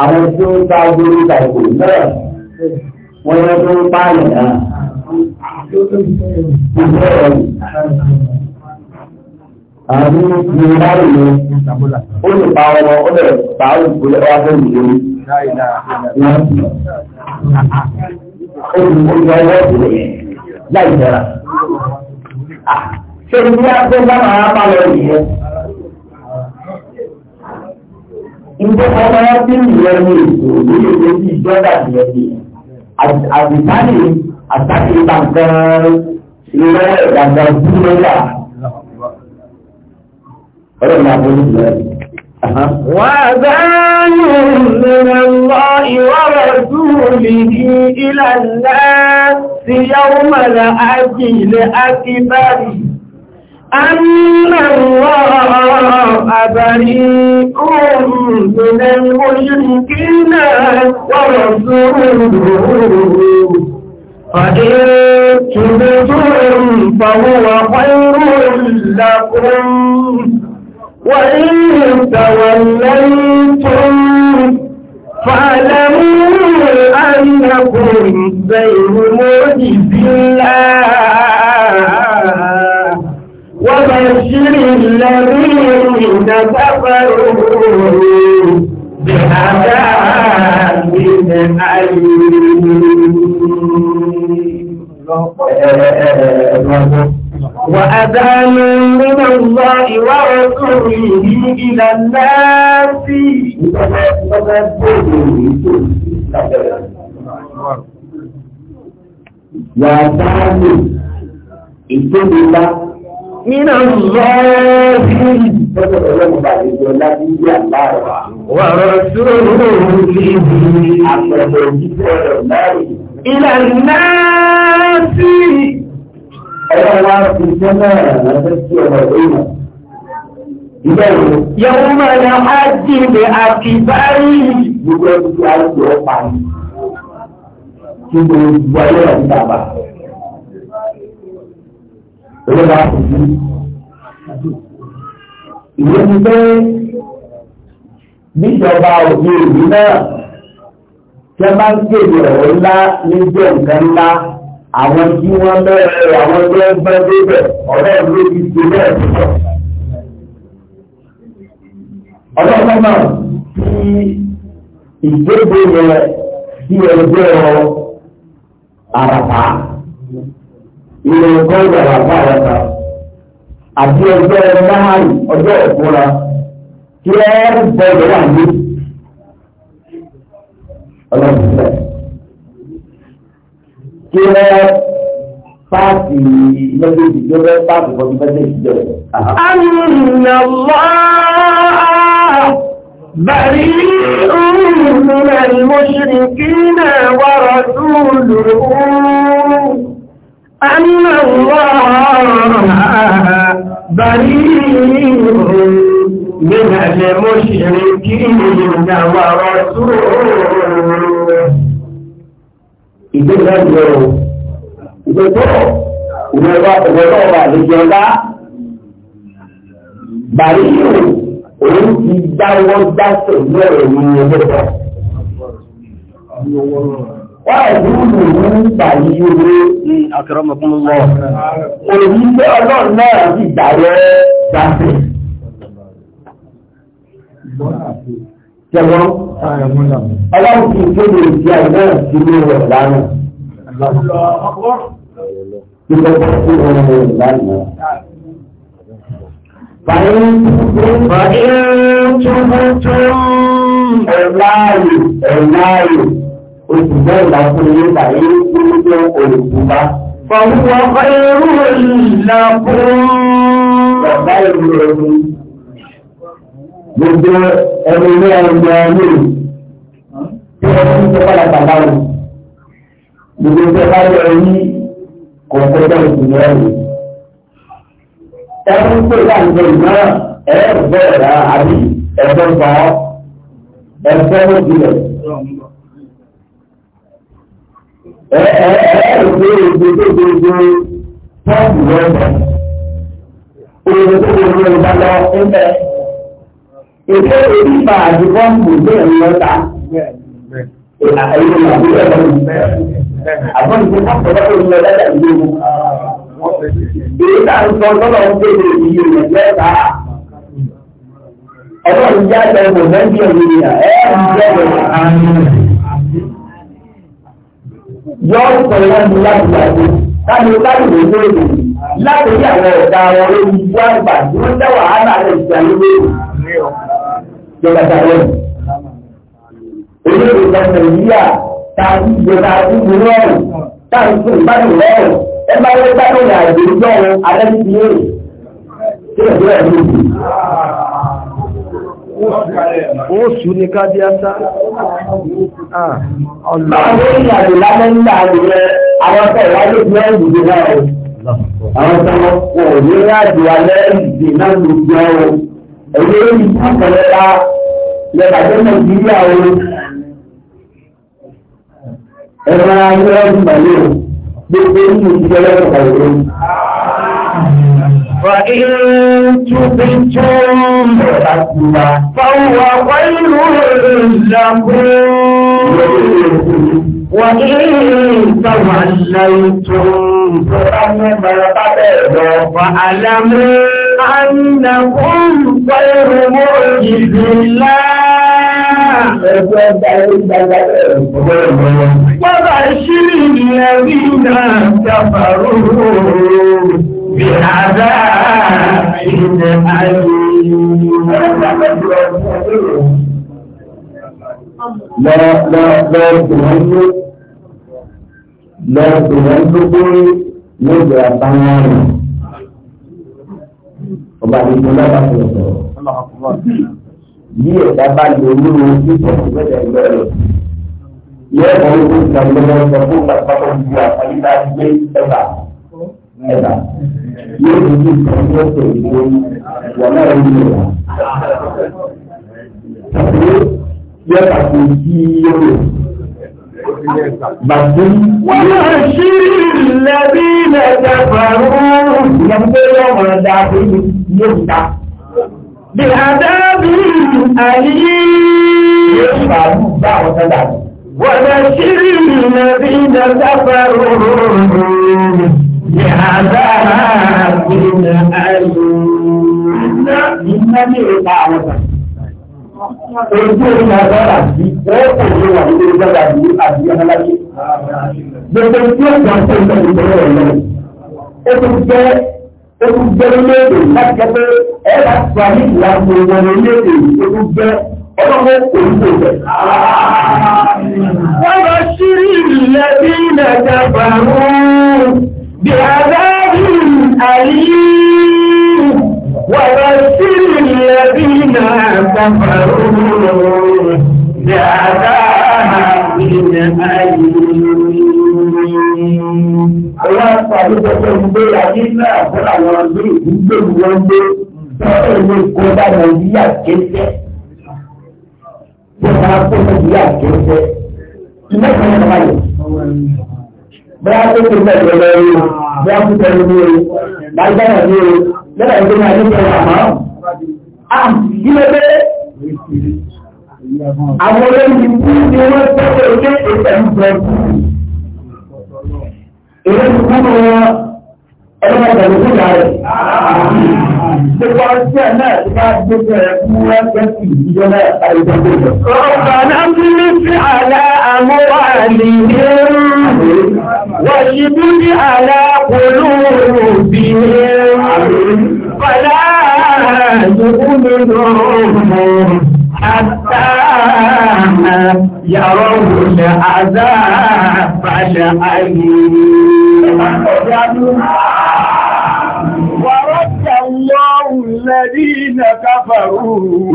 àwọn tí ó ń bá lórí ìtàkù náà wọ́n yẹ tó ń bá yẹn náà. Àwọn ní ìlú báyìí ni ó lè pa ọmọ ó lè pa ó lè wá fún ìlú. Ó lè mú ìgbà ọwọ́ ìlú láì jẹ́ra. Ah, ṣé ìdí àti ọgbà máa bá lọ ìyẹn? Nígbà ọmọ ya ti ń yẹ ní ètò ìlú èdè bí ìjọba yẹ ní. Àbìtánì àtàkì gbàngàn ìrọ̀ gbàngàn búrọ́dà. Ọ̀rọ̀ mi àbúrò ìlú ẹ̀. وأذان من الله ورسوله إلى الناس يوم الحج الأكبر أن الله بريء من المشركين ورسوله فإن تبتم فهو خير لكم وإن توليتم فاعلموا أنكم غير معجز وبشر الذين كفروا بعذاب أليم وأذان من الله ورسوله إلى الناس وأذان ìkéde bá من الله ورسوله إلى الناس يوم الحج بأكبره يقول لك أنت lọ́wọ́ àkùnjú. Ìwé ti pé níjọba òde ìlú náà tí a bá ń kéde ọ̀rọ̀ ńlá ní jẹ́ nǹkan ńlá àwọn tí wọ́n bẹ̀rẹ̀ àwọn tó ń bẹ́ débẹ̀ ọ̀rẹ́ ló ti ṣe bẹ́ẹ̀ púpọ̀. Ọlọ́pàá náà ti ìkéde yẹn sí ẹgbẹ́ ọ àràpá ilẹ̀ ẹ̀kọ́ ìgbàlá bá ara ta àti ọjọ́ máàlì ọjọ́ ìfúnra kí ẹ bọ̀dọ̀ wà ní ọlọ́dúnlẹ̀ kí ẹ páàkì méjèèjì tó fẹ́ páàkì fọdún méjèèjì jẹ́ Àmìnà lọ́ọ́ bàrí òun أن الله بريء من المشركين ورسوله ìgbésẹ̀ ìgbẹ̀rù ìgbésẹ̀ ìgbẹ̀rù ọba àlejò ọba bàríyù òun ti dáwọ́ dáṣẹ̀ ní ọ̀rọ̀ ìrìn Wáyé ìgbà yíyó ní àkàràmọ̀kúnlọ́. Òní pé ọlọ́run náà sì gbàrẹ́ gbàfẹ́. Jẹ́wọ́n, ọlọ́run kì í kéde ìdí àìná sí ilé rẹ̀ lánàá. Ìjọba sí ọ̀rọ̀ rẹ̀ lánàá. فإن تبتم والله والله oṣù bẹ́ẹ̀ bá fún ilé tàbí ilé jẹ́ olùkúbá. Fọwọ́ ẹrú ìlàkún. Bàbá ìlú ẹni. Gbogbo ẹni ní ẹni ẹni tí wọ́n ti ṣe padà bàbá rẹ̀. Gbogbo tí wọ́n bá yọ ẹni kọ̀ọ̀kọ̀dọ̀ ìpínlẹ̀ rẹ̀. Ẹni tó bá ń bọ̀ ìmọ̀ ẹ̀rọ bẹ̀rẹ̀ àbí ẹ̀fọ́ sọ ẹ̀fọ́ lójúlẹ̀ ẹ ẹ ẹ gbé gbogbo gbogbo pọ́ọ̀pù lọ́wọ́ òun tó wọlé ọba lọ ẹgbẹ́ èké orí ìgbà àti pọ́ọ̀pù tó ń lọ ta àìyé àbúrò ẹ̀rọ àbọ̀n tó pọ́ọ̀pù lọ́wọ́ ń lọ lẹ́tà ìlú èyí tá à ń sọ sọ́dọ̀ ń tẹ̀lé ìyè rẹ̀ lẹ́ta ọlọ́run jáde ọmọ nàìjíríà ẹ̀ ń jẹ́ ọmọ àárín yóò sọ̀rọ̀ láti láti láti láti láti lè lóore láti rí àwọn ọ̀dà àwọn olórí ìlú àgbà tí wọ́n dá wàhálà rẹ̀ ìjà lóore ìjọba ìjàlẹ̀. Olóògbé ìjọba Nàìjíríà ta ìjọba ìjọba lọ́rùn ta ìjọba ìbánu lọ́rùn ẹ bá wọ́n gbádùn ìrìn àjò ìjọ́ alẹ́ ti yé. Ṣé ìjọba ìjọba osu sù ní kábíátá ọ̀nà àwọn ìrìnàjò lábẹ́ nígbà àdìrẹ àwọn ọ̀sẹ̀ ìwádìí ìgbẹ́ ìdìbò náà o àwọn ọ̀sẹ̀ wọn ní ìrìnàjò alẹ́ ìdìbò náà ló jẹ́ o فإن تبتم فهو خير لكم وإن توليتم فاعلموا أنكم غير معجز الله وبشر الذين كفروا bí àdá ìdè ayé. Lọ lọ lọ tòun ló lọ tòun ló lórí lóde àtàwọn rẹ̀. Ọba àdìgbò lọ́ba tó sọ̀rọ̀. Bí ẹ̀dá bá lè ní ohun tí kò sí lọ́dẹ̀ ẹgbẹ́ rẹ̀ yẹ ọ̀rọ̀ tó ti gbàgbọ́ lọ sọ fún ìgbà pátá ẹ̀dá yóò di bí nǹkan tó ṣe ìgbó wọ̀ náà ń lò wá. Tàbí yẹ kàkó sí yóò. Bàbí. Wọ́n máa ṣí lẹ́bí lẹ́jẹ̀ pẹ̀lú ìyàgbé lọ́wọ́ ẹ̀dá pé yóò dá. Bí àdábì àyí. Yóò fàánù bá àwọn sọ́dà. Wọ́n máa ṣí lẹ́bí lẹ́jẹ̀ pẹ̀lú Ìhàdára àgbèrè àìlú. Ìgbà ní ìpa àwọn ọ̀sán. Ojú ìgbà sọ́ra sí, ó kò ní wà nínú ìjọba àbí àbí ọmọláyé. Gbogbo tí ó kàn sí ìjọba ìjọba ìlú. Ó tún jẹ́ ó tún jẹ́ orílẹ̀-èdè láti jẹ́ pé ẹ bá ti wà ní ìlà gbogbo orílẹ̀-èdè ó tún jẹ́ ọlọ́wọ́ òyìnbó rẹ̀. Wọ́n lọ sí ilẹ̀ bí ilẹ̀ jẹ́ bàrún. بعذاب أليم وبشر الذين كفروا بعذاب أليم Ọlọ́run pàdé pẹ̀lú ìgbé ayé náà fún àwọn ọdún ìgbé wọn gbé tọ́lẹ̀ ní ìkọjá Nàìjíríà kéńtẹ́. Ìjọba kó Nàìjíríà kéńtẹ́. Ìmọ̀kànlá bàbá yẹn bóyá tó ti pẹ̀lú ẹgbẹ́ rí o bóyá tó pẹ̀lú ní o lágbára ní o lẹ́nà ìgbé náà ní pẹ̀lú àmọ́ àmìlẹ́gbẹ́ àwọn olóyìn tí ni wọ́n tẹ́lẹ̀ ilé ìpẹ̀lú bẹ̀rù èyí ti kú wọn ẹgbẹ́ pẹ̀lú sí ìyá rẹ̀ gbogbo ọjọ́ náà ti bá gbogbo ẹ̀ fún ẹgbẹ́ sí والجبن على قلوبهم فلا يؤمنون حتى يروا العذاب الأليم ورد الله الذين كفروا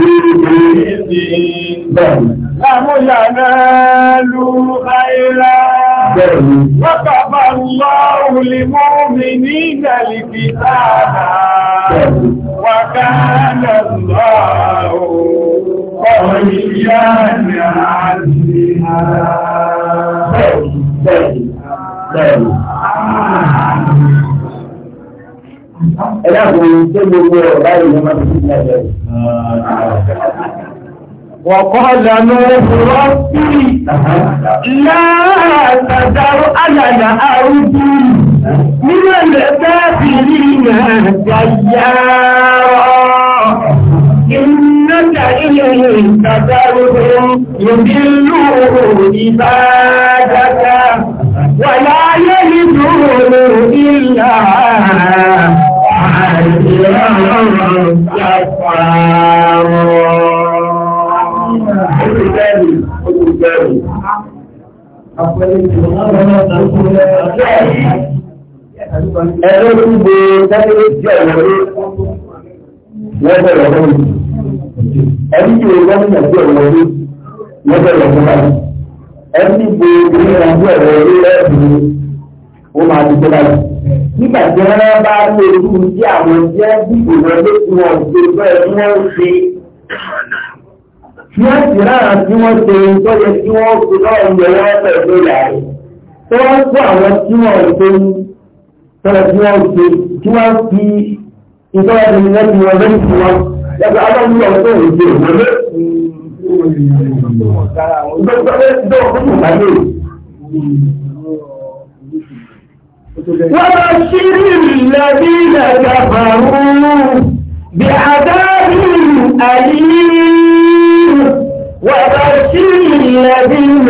لهم ينالوا خيرا bẹ̀rẹ̀ ni. Wọ́kàbà lọ́wọ́ lè mọ́ mi ní ìgbàlìkì táàdà. Wàkàdà lọ́wọ́ ọ̀rọ̀ ìyá ni ọ̀rọ̀ báyìí ni wọ́n ń وقال نوح ربي لا تذر على الأرض من الكافرين ديارا إنك إن تذرهم يضلوا عبادك ولا يلدون إلا عاجلا كفارا Ẹ̀rọ tí gbé tẹ́lẹ̀ jẹ́ ìwọ̀lé lọ́gbẹ̀rẹ̀ ọ̀gbọ̀n. Ẹni tí ó gọ́mìnà jẹ́ ìwọ̀lé lọ́gbẹ̀rẹ̀ ọ̀gbọ̀n. Ẹni gbé ìrìnà jẹ́ ìwọ̀lé lẹ́ẹ̀bùn ó máa di tẹ́lẹ̀. Nígbà tí wọ́n bá lè rú sí àwọn jẹ́ bí ìwọ̀lé tí wọ́n gbé bẹ́ẹ̀ wọ́n ṣe kí wọ́n sì lára tí wọ́n ṣe tó yẹ kí wọ́n fi náà yẹ wọ́n pẹ̀lú ìyàrí tó wọ́n kó àwọn tí wọ́n ṣe tọ́lọ̀ tí wọ́n ṣe tí wọ́n fi ìtọ́lọ̀ tí wọ́n fi wọn lẹ́yìn tí wọ́n yàtọ̀ aláwọ̀ yọ̀ tó ń ṣe ìwọlé. وبشر الذين كفروا بعذاب أليم وبشر الذين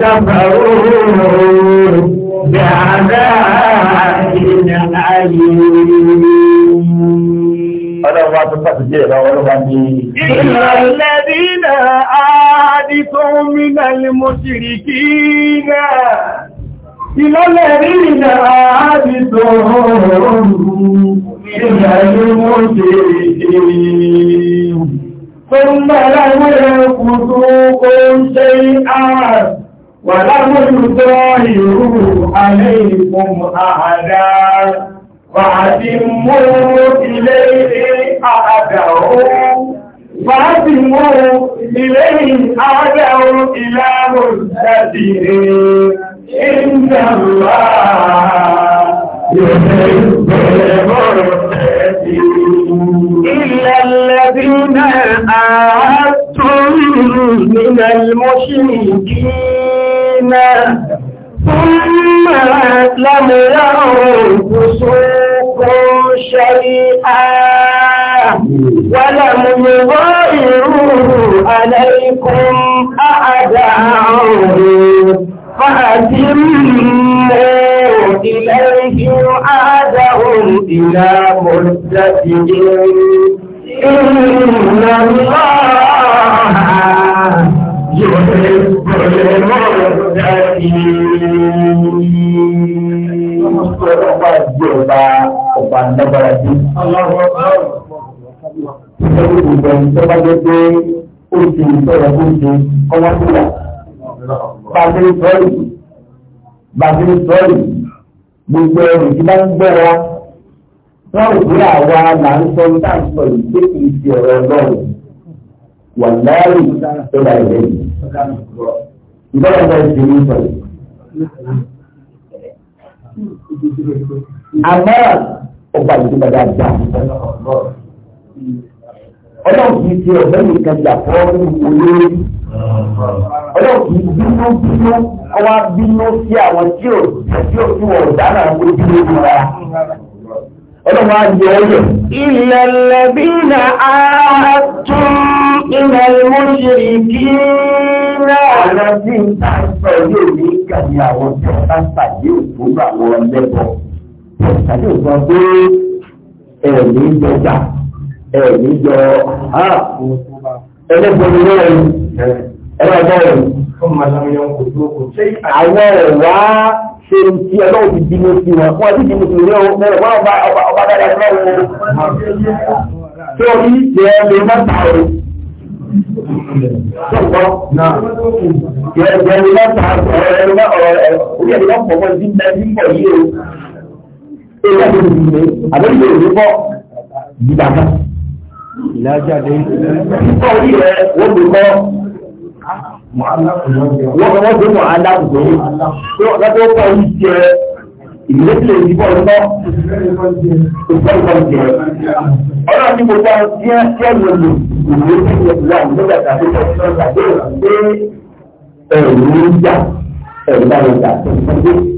كفروا بعذاب أليم Ọlọ́run wá tó pàtàkì ẹ̀rọ ọlọ́wà ní ìlàlẹ́dínà àádìtò mínà lè mọ́ ṣìrì kí náà. Ìlàlẹ́dínà àádìtò mínà lè mọ́ ṣìrì kí náà. ثم لم يقضوا شيئا ولم يظاهروا عليكم أحدا فأتموا إليه أحدهم فأتموا إليه أحدهم إلى مدته إن الله يحب المرسلين إلا الذين آهدتم من المشركين ثم لم ينقصوكم شيئا ولم يغيروا عليكم أعداءهم فأتموا إليهم عادهم إلى مدتهم إن الله يحب المرتدين ó ti ìtọ́rọ tó ṣe ọmọ sílẹ̀. Bàbá ìtọ́rì, bàbá ìtọ́rì, gbogbo ẹrù tí bá ń gbọ́ wọ́n rò pé àwa là ń sọ ní táǹpọ̀ yìí pé kì í fi ọ̀rọ̀ ọlọ́run wà láàyè tó bá ilẹ̀ yìí. ìbára ọ̀gá ìṣe ní sọ̀rọ̀. àmọ́ ọba ìlú padà dà ọlọ́run kì í fi ọ̀gbẹ́ni kan jà fọ́ olórí ọlọ́run bínú bínú ọwá bínú sí àwọn tí ò tí ò tí wọ́n dáná ó bínú bí wa. ọlọ́run á yẹ ilẹ̀ lẹ́bí na a tún ilẹ̀ ìmúṣirí kí náà. ọ̀nà tí ń ta sọ yóò ní kàní àwọn tí pàdé òkú bá wọn lẹ́bọ̀. pàdé òkú wọn pé ẹ̀mí jọjà ẹ̀mí jọ ẹlẹ́gbẹ̀rún náà ẹ̀rọ bọ́ọ̀lù àwọn ẹ̀wà ṣe ń tí ọlọ́run ti bínú sí wọn wọ́n ti bínú sí ilé ọ̀rọ̀ wọ́n ọba dára lọ́wọ́ tí ó ní ìṣẹ́ lè mọ́ta rẹ̀ ṣùgbọ́n ìrẹ̀jẹ̀ lè mọ́ta rẹ̀ orí ẹ̀rọ pọ̀pọ̀ sí ẹ̀rí pọ̀ yìí o ẹ̀rọ tó ti bínú àbẹ́lẹ̀ ìlú pọ̀ ìdàgbà ìlàjáde ìpọ̀ orí rẹ̀ wọ́n lè kọ́ wọ́n fẹ́ wọ́n tó mọ̀ aláàbò tó ọ̀gá tó kọ́ yìí jẹ ìrẹ́sílẹ̀ ìdìbò ọ̀tọ́ òṣìṣẹ́ ìbọn jẹ ọ̀rọ̀ ní mo dáa tí ẹ tí ẹ lò lò ìrẹ́sílẹ̀ ìdìbò ọ̀tọ́ nígbà tàbí ọ̀tọ́ tàbí pé ń jà ẹ̀rù bá wọn jà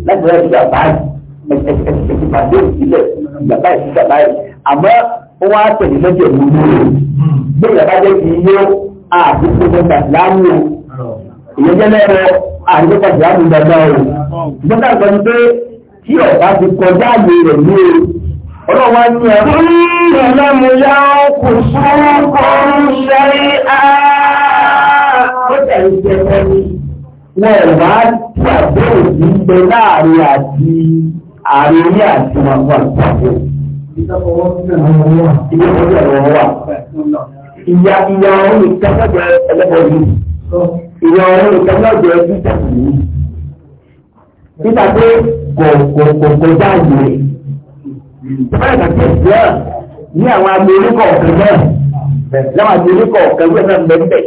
láti rẹ̀ ìjà báyìí ẹ̀sìpàdé ìsílẹ̀ ìjà báyìí ìjà báyìí àmọ́ wọ́n á tẹ̀lé lọ́jọ́ ìwúlò gbé ìjà bá jẹ́ kí yóò àbúkú ìyẹn jẹ́ lẹ́rọ àìsíkọ̀ tí a ti ní pé tí ọ̀gá ti kọjá àyè rẹ̀ ní o ọlọ́wọ́ ní ẹ̀ ọlọ́mu yá kò fún ṣe á. ó àti àárín orí àti ìyá ìyá ọ̀hún ìtẹ́kọ̀ọ́ ẹlẹ́kọ̀ọ́ yìí ìwé ọ̀rẹ́ nìkan náà jẹ́ títà yìí títà pé kọ̀ọ̀kọ̀ọ̀kọ̀ jáde báyìí kàtí ìsìlẹ̀ ní àwọn agbèrè kọ̀ọ̀kan náà láwọn agbèrè kọ̀ọ̀kan wẹ̀ náà bẹ́ẹ̀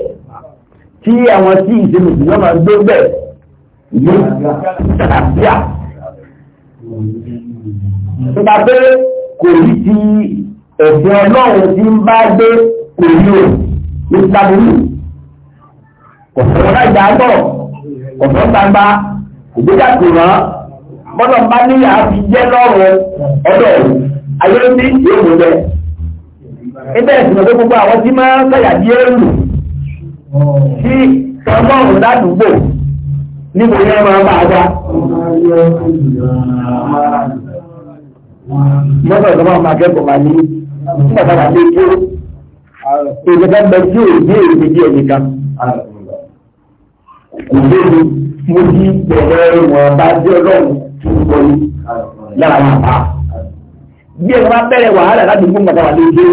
tí àwọn tí ìsinmi ìsinmi máa ń gbé bẹ́ẹ̀ ní sàlàbíà títà pé kò rí ti ẹ̀sìn ọlọ́run tí ń bá gbé kò rí o ní kò sọ̀rọ̀ ìjà bọ̀ kò sọ̀rọ̀ gbangba ògbéjà kò rán bọ́lá bá níyà fi jẹ́ lọ́rùn ọ̀dọ̀ ayélujáde yóò mú bẹ́ẹ̀. Ibẹ̀ ìsìnkú tó gbogbo àwọn tí máa ń sẹ̀yà bí ẹrù sí sọ́gbọ́n ládùúgbò níbo yẹn máa bá a wá. Mọ́tò ìjọba máa kẹ́kọ̀ọ́ máa ní nígbà táwọn àti ètò ìjọba bẹ tí ò ní èdè bí ẹnìkan kò léwu mo ti bẹ̀rẹ̀ ìwọ̀n bá jẹ́ ọlọ́run tó ń wọlé lára àpá. bí ẹ̀rọ bá bẹ̀rẹ̀ wàhálà láti fún bàtà wà lóde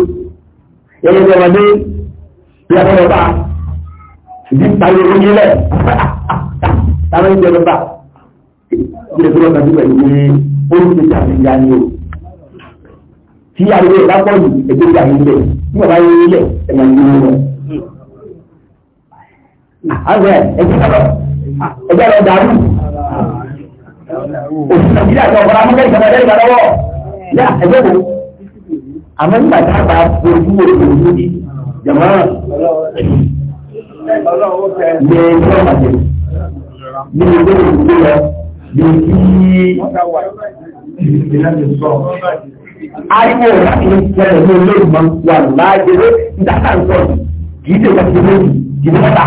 ẹ̀rọ bí ọmọdé bí ọmọdé bá ìdí parí orí lẹ̀ táwọn ìjọ ló bá bí ẹ̀rọ bá bẹ̀rẹ̀ pẹ̀lú ní oríṣi ìjàmbá ìyá ni o. tí àríwé ìbá pọ̀ jù ẹgbẹ́ ìjà nílẹ̀ nígbà bá yẹ nílẹ̀ ẹ̀ àgbẹ̀ ẹ̀jẹ̀ lọ dàrú òfin nàìjíríà tó ọ̀pọ̀ amúkẹ́ ìjọba ẹ̀jẹ̀ ìgbàlọ́wọ́ yá ẹ̀jẹ̀ wo àmọ́ nígbà tí a bá fojú ojú ojú jẹ̀mọ́ ní ẹgbẹ́ ọ̀pàdé ní ẹgbẹ́ òkúté lọ ní kí ariwo láti ṣẹlẹ̀ ní olóògbé wà láàyè dáadáa ń sọ̀rọ̀ kìí ṣe ìwọ̀n ìdílé yìí kìí mọ́ta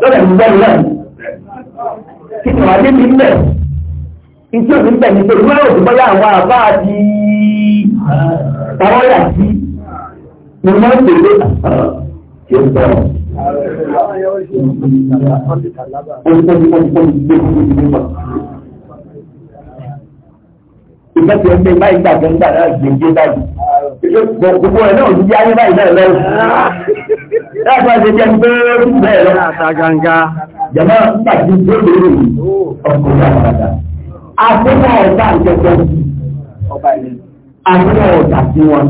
lọ́dẹ̀ ìgbẹ́ ìlẹ̀ kí ni wàá dé mi mbẹ̀ iṣẹ́ mi mbẹ̀ ni pé ìwé òsì bọ́yá àwọn àbá àti tàwọ́yà sí ni wọ́n ń tèlé ah, ah, kí ó sọ̀rọ̀. Ìgbà tí ó ń gbé báyìí gbàgbé ń gbà náà gbèǹdé báyìí. Gbogbo ẹ̀ náà yí ayé báyìí náà lọ́wọ́. Láti wá ṣe jẹ́ pé bẹ́ẹ̀ lọ. Àtàgàǹgà. Jàmá pàtí tó lérò ọkùnrin àgbàdà. Àfihàn ọ̀tá ìjọba àfihàn ọ̀tá sí wọn.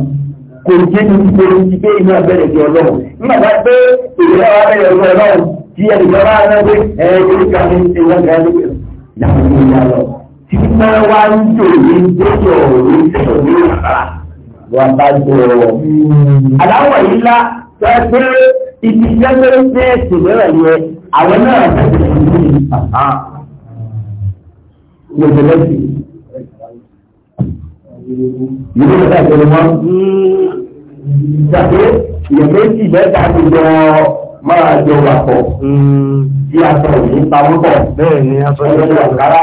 Kò jẹ́ ní ìgboro ti pé iná abẹ́rẹ́ di ọlọ́run. Nígbà bá pé ìrẹ́ wa bẹ̀rẹ̀ ọgbọ́ ọlọ́run tí ẹnì kan bá rán wà bá o ọ̀rọ̀. Àdáwọ̀ yìí lá tẹ́ pé ibi jẹ́gbẹ́ ṣe é ṣèlérẹ̀ yẹ àwọn náà tẹ̀lé ní ìpàdá. Gbogbo lẹ́sìn. Ìlú ìgbà ìṣẹ̀lẹ̀ wọn ń jàpé ìyẹ̀méjì mẹ́ta ti jọ máa jọ wà pọ̀. Bí a sọ ìyípa wọn pọ̀. Bẹ́ẹ̀ ni a sọ ìyẹ̀méjì àkàrà.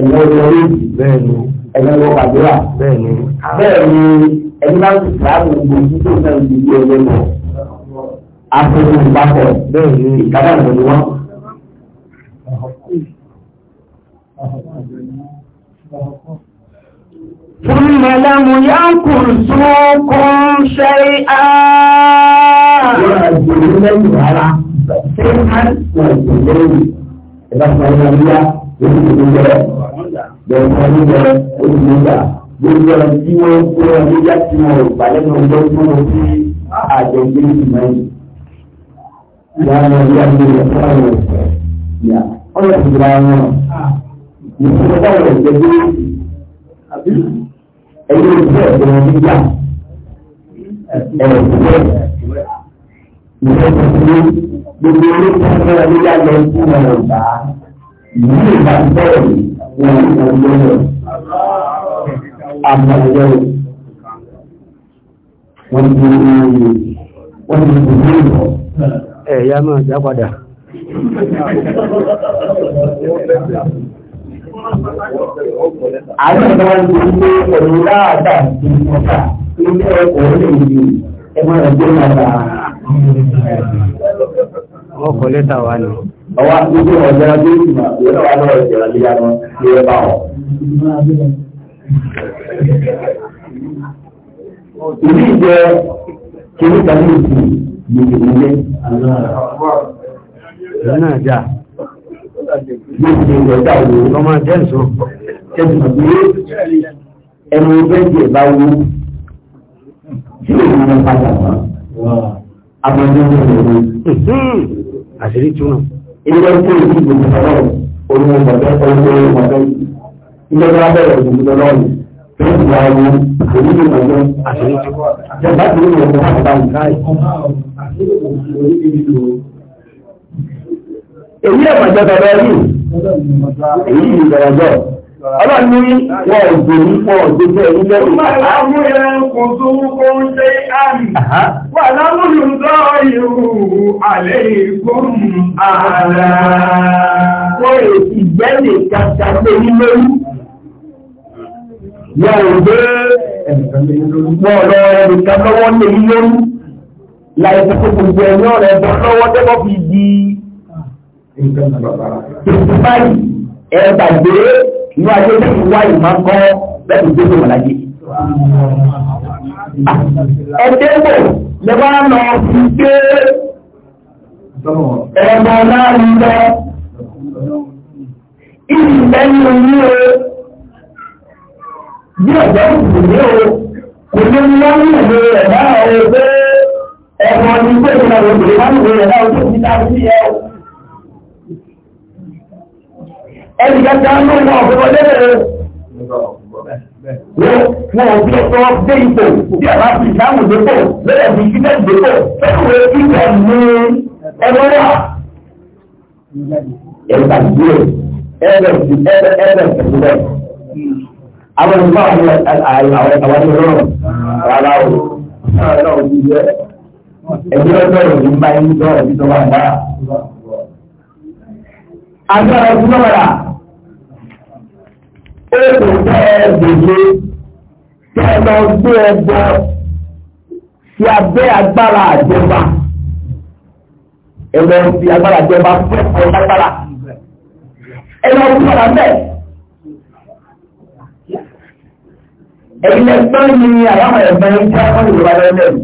Ẹ̀yọ́ ìyẹ̀méjì. Bẹ́ẹ̀ ni ẹni wọ́n gbàdúrà bẹ́ẹ̀ ni ẹni máa ń ti sàánù gbòógì tó náà ti di ẹgbẹ́ lọ. Afẹ́fẹ́ ìpapọ̀ bẹ́ẹ̀ ni ìkàdà ìgbẹ́ ni wọ́n. ثم لم يكن سوقكم شيئا. Ṣé máa ń sọ̀rọ̀ lórí ìbáṣepọ̀ ìgbàlódé? bẹ̀rẹ̀ wọn níbẹ̀ olùdókà gbogbo ọ̀rọ̀ tí wọ́n ń pè wọn níjà tí wọn ò bá lẹ́nu ọjọ́ tí wọ́n fi àjọ gbé ìmọ̀ yìí. ìyá wọn ní àgbẹ̀ rẹ̀ fún àwọn ọ̀sẹ̀ yà ọ̀rọ̀ ìgbà wọn ìfúnpá ọ̀rọ̀ ìgbẹ́gbẹ́ ẹ̀yẹ ìfẹ́ ẹ̀gbẹ́ wọn níjà ẹ̀rọ ìfẹ́ ìfẹ́ ìfẹ́ gbogbo olókùn fún ọ níjà lọ sí ọ̀rọ̀ ìgbà yìí ìgbà bẹ́ẹ̀ wọn àtàlùjọ́ rẹ̀ àtàlùjọ́ rẹ̀ wọ́n ti ní ìlú wọ́n ti ní ìlú ẹ̀yà máa já padà àwọn ọ̀dọ́ ti ní pẹ̀lú láàdá ti mọ́ta ilé ẹ̀kọ́ lè di ẹgbẹ́ ẹgbẹ́ náà wọ́n kọ́ lẹ́tà wa nù ọwọ́ àtúntò ọ̀jọ́ tó ti yóò wà lọ́wọ́ ìṣẹ̀lẹ̀ gíga lọ sí ẹ bá ọ. Ìbí kàní ìsìn gbèsè nílé. Lọ́nà àjà. Gbèsè ìjọba òwò lọ́mọ jẹ́ nsọ. Kẹ́sì mọ̀ ẹnu ẹgbẹ́ tí ẹ wú tí èyí ló padà mọ́. Abọ́dé Àṣírí túnú ilé tó ìdí ìdìbò ọlọ́run olùwọ̀n bàbá ọlọ́run bàbá ilé tó bẹ̀rẹ̀ ìdìbò ọlọ́run tó ti wà wọn onílù bàbá àjọba tó lè wọ bàbá yìí. èyí ẹ̀fọ́ jẹ́ bàbá yìí èyí ìgbàlódé. Ọlọ́run ní wọ́n òjò ní pọ̀ òjòjò ẹ̀rí lẹ́rù. Màlámú ẹranko tó kó ń ṣe àmì. Wà lámúlù lọ ìrù àlẹ́ ìgbóhùn ààrà. Wọ́n èsì gbẹ́lẹ̀ kàkà gbogbo ẹ̀yán rẹ̀ bọ́ lọ́wọ́ tẹ́kọ̀ fi di. Tòṣìbáyì ẹ̀gbàgbé inú ayé tó ti wá ìmọ̀ ń kọ́ bẹ́ẹ̀ tó tó wà láyé. ẹgbẹ́ wò lè wá lọ sí pé ẹ̀rọ náà ń lọ ìrìnlẹ̀ ní orí o bí ọ̀dọ́ ìpìlẹ̀ o kò ní wọ́n ní ìlú rẹ̀ náà o pé ẹ̀rọ ní pé ìrìnlẹ̀ òbèrè wọ́n ní ìlú rẹ̀ náà o tó ti dá sí ẹ̀ o ẹni kẹta ló wọ ọ̀gbọ̀n lẹ́bẹ̀rẹ̀ wọn ò bí ọ̀tọ̀ dé ipò bí àbá fi ìsáhùn dépò bẹ́ẹ̀ fi ìsílẹ̀ dépò fẹ́ẹ̀wé ìgbẹ́ ní ẹgbẹ́ wà. ẹ̀ka ìdílé ẹ̀rẹ̀ ti ẹ̀rẹ̀ ẹ̀rẹ̀ ìṣẹ̀lẹ̀ àwọn ìgbà àwọn àwọn àwọn ìrọ̀rùn rárá o rárá ọjọ́ ìrìn bá yín lọ́rọ̀ bí tó wà náà agbára ìgbọ́ra ó kò tẹ́ ẹ gbèsè tẹ́ ẹ lọ gbé ẹ bọ́ sí abẹ́ agbára àjọba ẹ lọ sí agbára àjọba fún ẹ lágbára ẹ lọ sí ọ̀la bẹ́ẹ̀. Ẹ̀yin ẹgbẹ́ ni àwọn ẹ̀gbẹ́ ń jẹ́ ọ̀rọ̀ ìwà lẹ́lẹ́rù.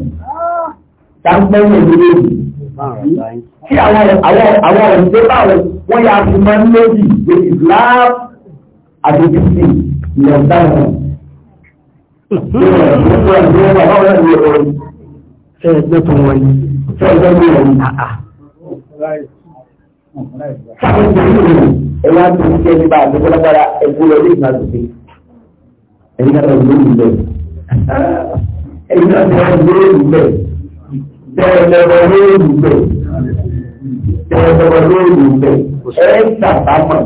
Táǹpẹ́ ní ìlú yìí. Kí àwọn òṣìṣẹ́ báwọn wọ́n yà fi máa ń lójì lórí ìlàáf àdébísì ìyọ̀dáwọn. Ṣé ẹgbẹ́ tó wọ́n yìí? Ṣé ẹgbẹ́ tó wọ́n yìí? Sáwọn ìgbésí rẹ̀ ẹ̀yà tó ń jẹ́ nípa àgbẹ̀gbẹ̀lágbára ẹgbẹ́ lọ ní ìgbàlódé. Ẹ̀yìn náà lọ lórí ìgbẹ́. Ẹ̀yìn náà lọ lórí ìgbẹ́. Tẹ́lẹ̀bọ̀ lóòrù bẹ̀. Tẹ́lẹ̀bọ̀ lóòrù bẹ̀. Ẹ ṣàbámọ̀.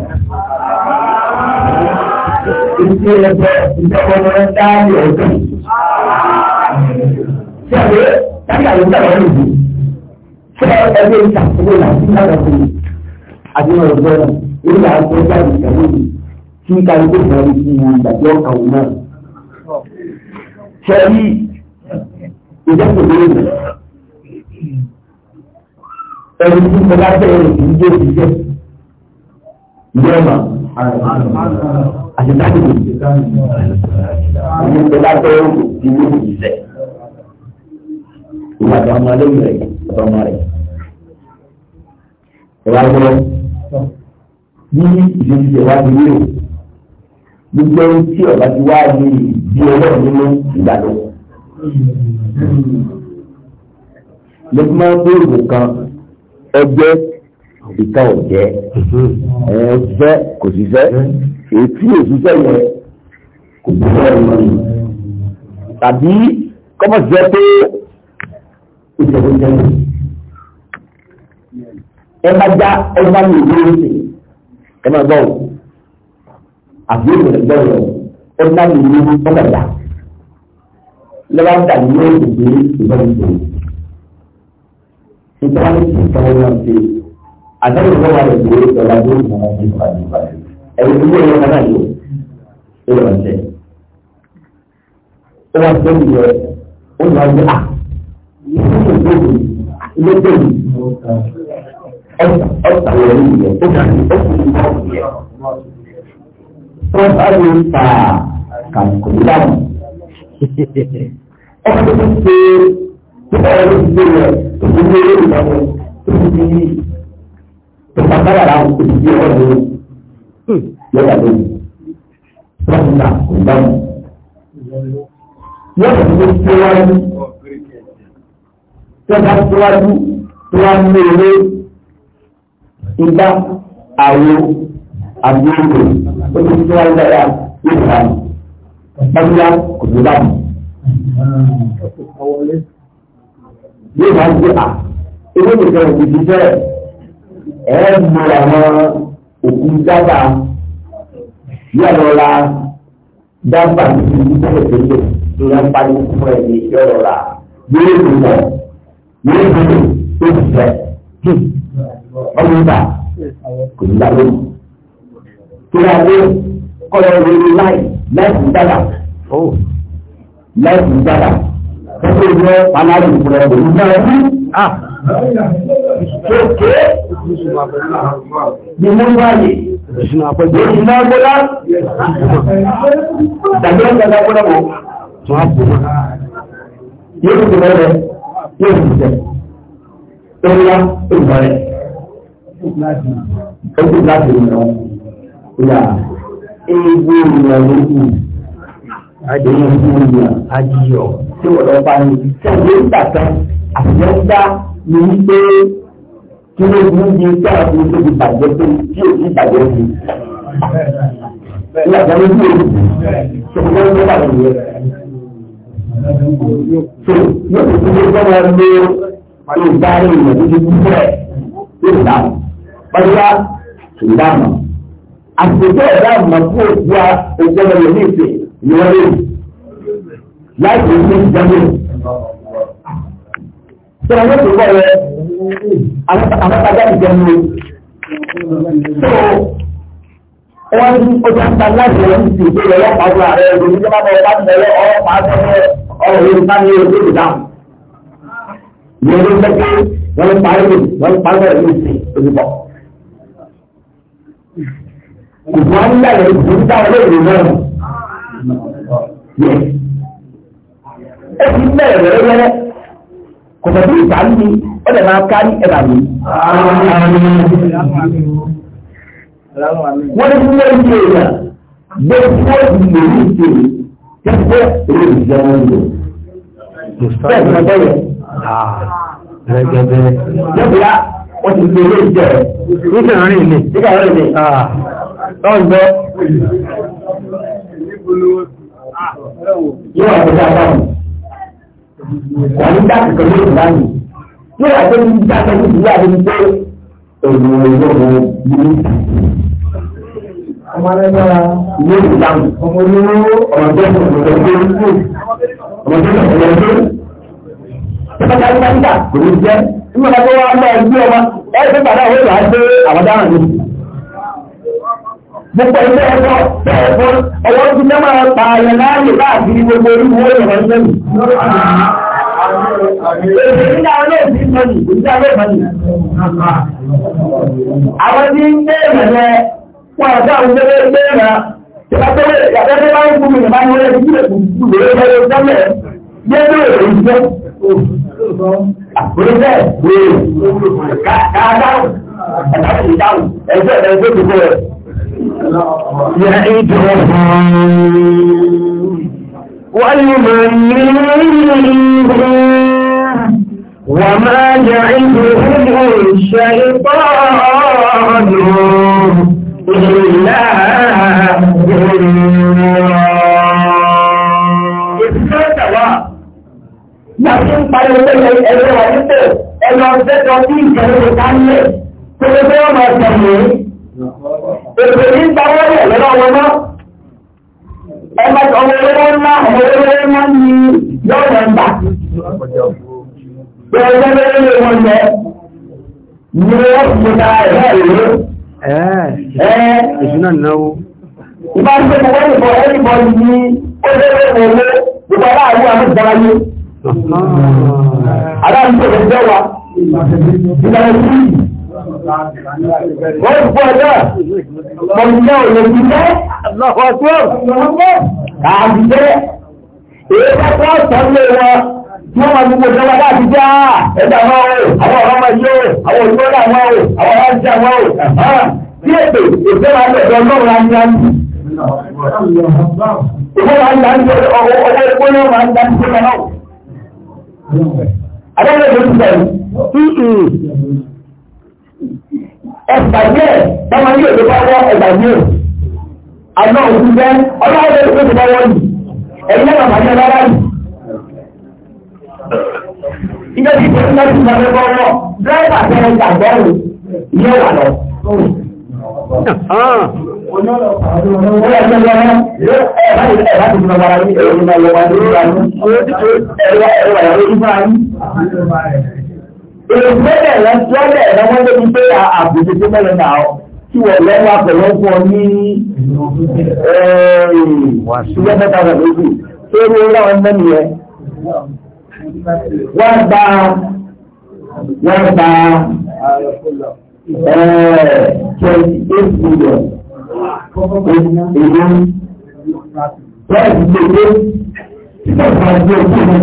Ìṣe ẹgbẹ́ ìjọba ọmọ dáàbì ọ̀gbìn. Ṣé ẹgbẹ́ dáàbì àwọn ìjọba ọmọ ìlú? Ṣé ẹgbẹ́ ìṣàkóso láti lára fún mi? Àti wọn ò gbọ́dọ̀, ìlú àwọn ọjọ́ ìjọba ìlú kí kálukú ìjọba ìlú wọn ìgbàgbọ́ àwọn náà. Ṣé rí ìjọba ìlú ẹni tí mo bá tẹ̀lé rẹ̀ kì í jẹ́ òbí jẹ́ ìyá ọ̀ma àṣetáàdì kò sí ẹni tó bá tẹ̀lé rẹ̀ kì í jẹ́ òbí jẹ́ ìwà àti ọmọ alẹ́ rẹ̀ ọmọ rẹ̀ ìwà àgbọ̀ ní ìṣèjì ìwà àti ìwé gbogbo ẹni tí ọba ti wá ní bí ọlọ́run nínú ìgbàlọ́ lọ́gbọ́n tó oògùn kan ọjẹ́ ìta ọ̀jẹ́ ẹ̀yìn mhm. òṣìṣẹ́ kò ṣiṣẹ́ èyí mhm. tí òṣìṣẹ́ yẹn kò ṣiṣẹ́ yẹn tàbí kọ́mọ̀ ṣiṣẹ́ pé ìṣòro jẹ́ ẹ bá já ẹ bá ní ìwé oṣù ẹ máa gbọ́ àbí ìwé gbọ́ rẹ̀ ní ìwé oṣù ọ̀gàdà lọ́wọ́ àgbà ní ìwé oṣù ìtura ní ti sọ wọn náà ṣe àtẹ̀yìn tó wà lè gbé ìjọba tó kù wọn ní ìfà nípa rẹ̀ ẹ̀rù ilé ẹ̀rọ kan náà yóò ṣe wọ́n ṣe. ó wá sí ẹ̀rù yẹ ó lọ sí à ilé tó yìí ọ̀sà yẹn ní ìyẹn ń ta kàkùnrin láàmú. Ọ̀sẹ̀ tó ṣe nígbà wọn ló ti gbé rẹ̀ tó ti gbé rẹ̀ ìdáwọ̀ tó ti di yìí tó bá bá yàrá wọn tó ti gbé wọn lórí lọ́wọ́ lórí wọ́n ti ta kò bá wọn. yóò tó ti gbé wájú tó bá tó wájú tó wá ní eré ìgbà àwo àti oògùn ó ti tó wájú dáadáa yóò tó wájú. Báyọ̀ kò tó bá wọn yóò máa ń gbé à ewé nìkan òkú ti fẹ́ ẹ mọ àwọn òkú dábà yóò lọ la dábà tó ti fi tẹ́lẹ̀ tẹ́lẹ̀ tó yẹn parí fún ẹ ní yóò lọ la yóò lò wọ̀ yóò lò tó ti fẹ́ ọmọ ìgbà kò ní dábò tó yà pé kọ́ ẹ láì láì fún dábà oh. láì fún dábà ẹgbẹ́ ìwé aláàrẹ̀ ìpínlẹ̀ èdè ìgbà rí à kéèké ní mú báyìí ìṣúná àpẹjọ ìṣúná agbọ́lá ìdàgbé ìjọba agbọ́lá mọ́ tó á bù wọn yóò fi tẹ̀lé rẹ̀ yóò fi tẹ̀ tóyá ìgbà rẹ̀ ó sì láti ìrìnà ìyá ewu ìrìnà lókùn àdéhùn ìgbìmọ̀ àjíyọ̀ tí wọ́n lọ bá ní sẹ́yìn ìgbà kan àtìlẹ́gbà ní wípé kí ló ń di tí àwọn ọmọ tó ti bàjẹ́ pé tí ò ti bàjẹ́ sí. Ilé àgbà ló ń bí òkú ṣòkòtò ń bá wọn yẹ. So yóò ti fi ṣe gbọ́dọ̀ lo ìdarí ìyẹn tó ti kú bẹ́ẹ̀ yóò dá mọ̀. Bọ́dúrà kì í dá mọ̀. Àtìlẹ́gbà ìdá mọ̀ fún òkú wa òkú ọmọ yẹn ní ìsìn ìyọ́lé láti ìlú ìjọba. Sọ wọn tó bọ̀ rẹ̀ àmọ́tàjá ìjọba. Sọ wọ́n ní ọjà ń ta láti ẹ̀rọ ti ti ìgbéyàwó ọlọ́pàá ọgbà rẹ̀ ẹ̀rọ ìjọba bọ̀ bá ti bẹ̀rẹ̀ ọlọ́pàá tó ń ọ̀rọ̀ yóò bá ní ojú ìdáhùn. Ìyẹn ló fẹ́ pé wọ́n ń parí wọ́n ń parí ẹ̀rọ ìsìn òdìbọ̀. Ìgbọ́n ń yàgò ìgbòkúta ọlọ́ọ̀rọ̀ náà ẹ ti bẹ́ẹ̀ rẹ̀ rẹ̀ kò fẹ́ bí ìgbà ní ó lè máa kárí ẹ̀bà mi. wọ́n ní fún ẹ̀rí ṣe èèyàn gbé fún ìlú ìṣe tẹ́tẹ́ èrè ìjọba ìlú. bẹ́ẹ̀ ni wọ́n bẹ̀rẹ̀. Gẹ́gẹ́dẹ́. Yọ́bùlá, wọ́n ti fi owó ìjẹ́ rẹ̀. Nígbà rìn ni. Nígbà rìn ni. Ah. Lọ́gbọ́n olówó yóò wà lọ́jà báyìí wà ní dáàbò pẹ̀lú ìbáyìí yóò wà tó ní dáàbò pẹ̀lú ìbáyìí ní pé èyí ò yóò wọ ilé ọmọ alẹ́gbẹ́ra ilé ìdáhùn ọmọ olówó ọ̀rọ̀ jẹ́ ọ̀rọ̀ jẹ́ ọmọ jẹ́ ọ̀rọ̀ jẹ́ Tọ́ka ní ká kò ní jẹ́, nígbà tó wá ń bá ẹgbẹ́ ọmọ, ẹ ti padà wọ́n wá dé àwọn dáhùn ní gbogbo ẹgbẹ́ ẹ̀fọ́ ẹ̀fọ́ ọwọ́ tí mẹ́mà pa ayẹ láàyè láàbí gbogbo oríwó ìrọ̀ sẹ́yìn. Èdè nígbà ọlọ́ òbí mọ́nì, òbí alẹ́ mọ́nì. Àwọn tí ń gbé ìrẹ̀lẹ̀ wọ́n àti àwọn ìjọba gbé ìrà. Ìgbàgbọ́wé ìyàgbẹ́gbẹ́ bá ń kú mi nígbà wọlé ìdí èkó ìdúró Àpòlẹ́fẹ́ rèé. Kàdáhùn. Ẹ̀fẹ́ ẹ̀fẹ́ gbogbo يعدهم ويمنيهم وما يعدهم الشيطان إلا Láti ń parí ọjọ́ ẹgbẹ́ wà nípò ẹlọ ọjọ́ tí ìjọba ìdánilẹ̀ tó lọ́wọ́ ọmọ ọ̀sẹ̀ mú. ètò yìí gba owó ní ẹ̀lẹ́ náà wọn mọ́ ẹgbẹ́ ọmọ ẹgbẹ́ ńlá ọmọ ẹgbẹ́ ńlá ní yọ̀ọ̀ mẹ́mbà pé ẹgbẹ́ ní wọ́n fi ta ẹ̀rọ ìlú. ìṣúná ìbá ń gbé gbogbo ìbọn ẹnìbọn ní ó lé wa Wọ́n ti fún ọjọ́ mọ̀lúkẹ́ òye jíjẹ́ lọ́fọ́tún àbíjẹ́ èyí pẹ́pẹ́ ọ̀sánlé wọn tí wọ́n máa gbogbo ìjọba bá ti já ẹgbẹ́ àwọn ọ̀rọ̀ àwọn ọ̀rọ̀ ọmọ yìí ó àwọn òṣìṣẹ́ àwọn ọ̀rọ̀ àwọn ọ̀rọ̀ ìjẹ́ àwọn ọ̀rọ̀ tí èpè èpè wà lọ́dọ̀ ọlọ́run ajáǹtì. Ìfẹ́ wa ń dá ní ọwọ́ ẹgbẹ́ náà máa ń dá ní ọwọ́ náà ẹgbàgbé bọ́mọ yóò lè bá wọ́ ẹgbàgbé àná òkú jẹ́ ọlọ́wọ́ lè tó ti bá wọ́n yìí ẹ̀yìn náà bàbá yẹn lára yìí. Ilé ìgbé ń lọ sí ìgbàgbé bọ́ wọ́ dírẹ́bà tẹ ìgbàgbọ́ rẹ̀ yẹ wà lọ. Ọ̀rọ̀ ìgbẹ́lẹ̀ rẹ̀ jọ́lẹ̀ rẹ̀ wọ́n débi pé àbùdó tó mẹ́rin náà kí wọ́n lọ́wọ́ àpẹ̀lẹ́ fún ọ ní ṣílẹ̀ mẹ́ta rẹ̀ lójú tó rí orí àwọn mẹ́rin yẹn. Wọ́n gba wọ́n gba twenty eight million èyí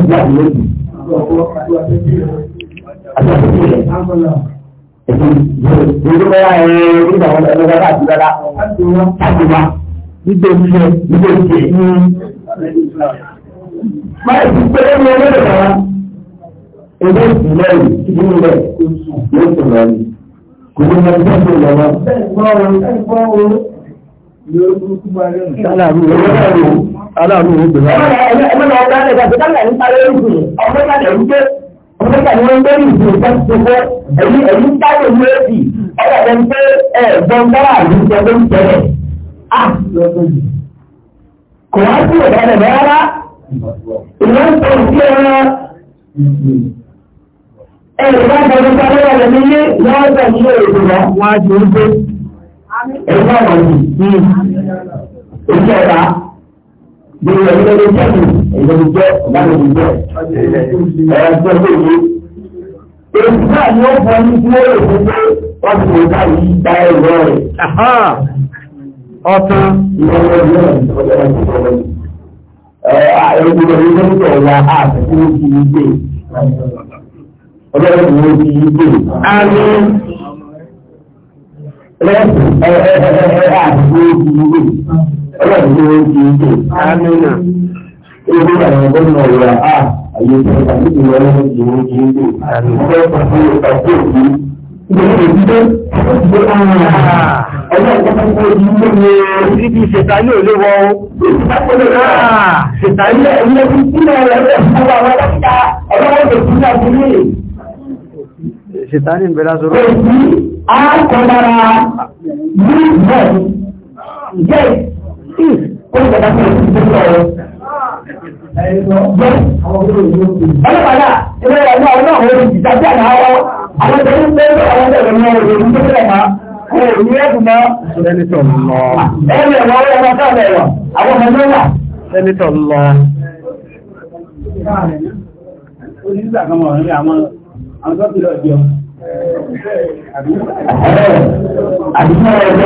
twelve million tí Gbígbé ìṣe gbígbé ìṣe ní máa ti pé ní ọlọ́dọ̀ kan ẹgbẹ́ ìpínlẹ̀ yìí ti ní ilẹ̀ yóò tó lọ ní. Kò ní ọjọ́ tó tó lọ náà. Aláàánú ló gbé wá. Ẹgbẹ́ náà ọ̀gá ẹ̀ka ti dálẹ̀ nípa lórí ìgbìyànjú. Ọ̀gbẹ́ náà lè ń gbé. Ọ̀pọ̀lọpọ̀ ni wọ́n ń bẹ́rù ìṣòro tó ti ṣe ẹ̀yí ẹ̀yí ń táwọn ìlú èsì ọ̀dà tẹ̀ ń pé ẹ̀gbọ́n dára àbí ìṣẹ́ ló ń tẹ̀lé. Kò wá sí ìbàdàn rárá. Ìwọ́n ń sọ sí ẹran. Ẹ̀rọ bá gbọ́dọ̀ nípa lọ́wọ́ rẹ̀ nílé wọ́n sọ sí èrò lọ. Wọ́n á ti ń pé. Ẹ̀gbọ́n ní ìṣẹ̀dá bí wọn ní ẹgbẹ́ jẹ mi ẹgbẹ́ mi jẹ ìdáná mi jẹ ẹgbẹ́ mi jẹ. èyí náà ni ó fọ ní ìdílé òfin pé wọn ti lè ká yìí gba ẹ̀rọ rẹ. ọtán. ìyẹn ní ọjọ́ náà ti sọ̀rọ̀ yìí. ẹ̀ẹ́dùn ẹ̀rí lóńtọ̀ wa àtẹ̀kù ti ń gbé. ọjọ́ náà ti ń gbé. àmì ẹ̀ẹ́dùn ẹ̀rí àtẹ̀kù ti ń gbé ọlọ́run ló ń di ìdè ámínà ewu àwọn gómìnà ìwà a àyè ìjọba níbi wọn ló ń di ìwé di ìdè àmínà ọlọ́run tó ń bá tó òbí ìgbésẹ̀ ìdílé ìdílé ọlọ́run tó ń bá ìdílé ìdílé ní ibi ìṣètàlí òlé wọ o. ìṣètàlí ẹ̀yẹ ti sílẹ̀ rẹ̀ lẹ̀ fún wa wọn lọ́kítà ọlọ́run tó ti sílẹ̀ fún mi. ìṣètàlí ń bẹ Ọlọ́pàá ilé ẹ̀rọ àwọn náà wọ́n ti dájú àná àwọn àwọn tó ń gbé àwọn ẹ̀rọ náà wọ́n ti tó tẹ̀lé máa kó ní ẹ̀dùn náà. Sẹ́nitọ̀ lọ. Ẹ̀rọ ẹ̀rọ ọ̀rọ̀ ọ̀rọ̀ sáàlẹ̀ ẹ̀rọ àwọn ọmọ náà wà. Sẹ́nitọ̀ lọ. Oníṣẹ́ àkàmọ̀ rẹ̀ àwọn àwọn tó ti lọ jẹun. Àdúgbò ẹ̀rọ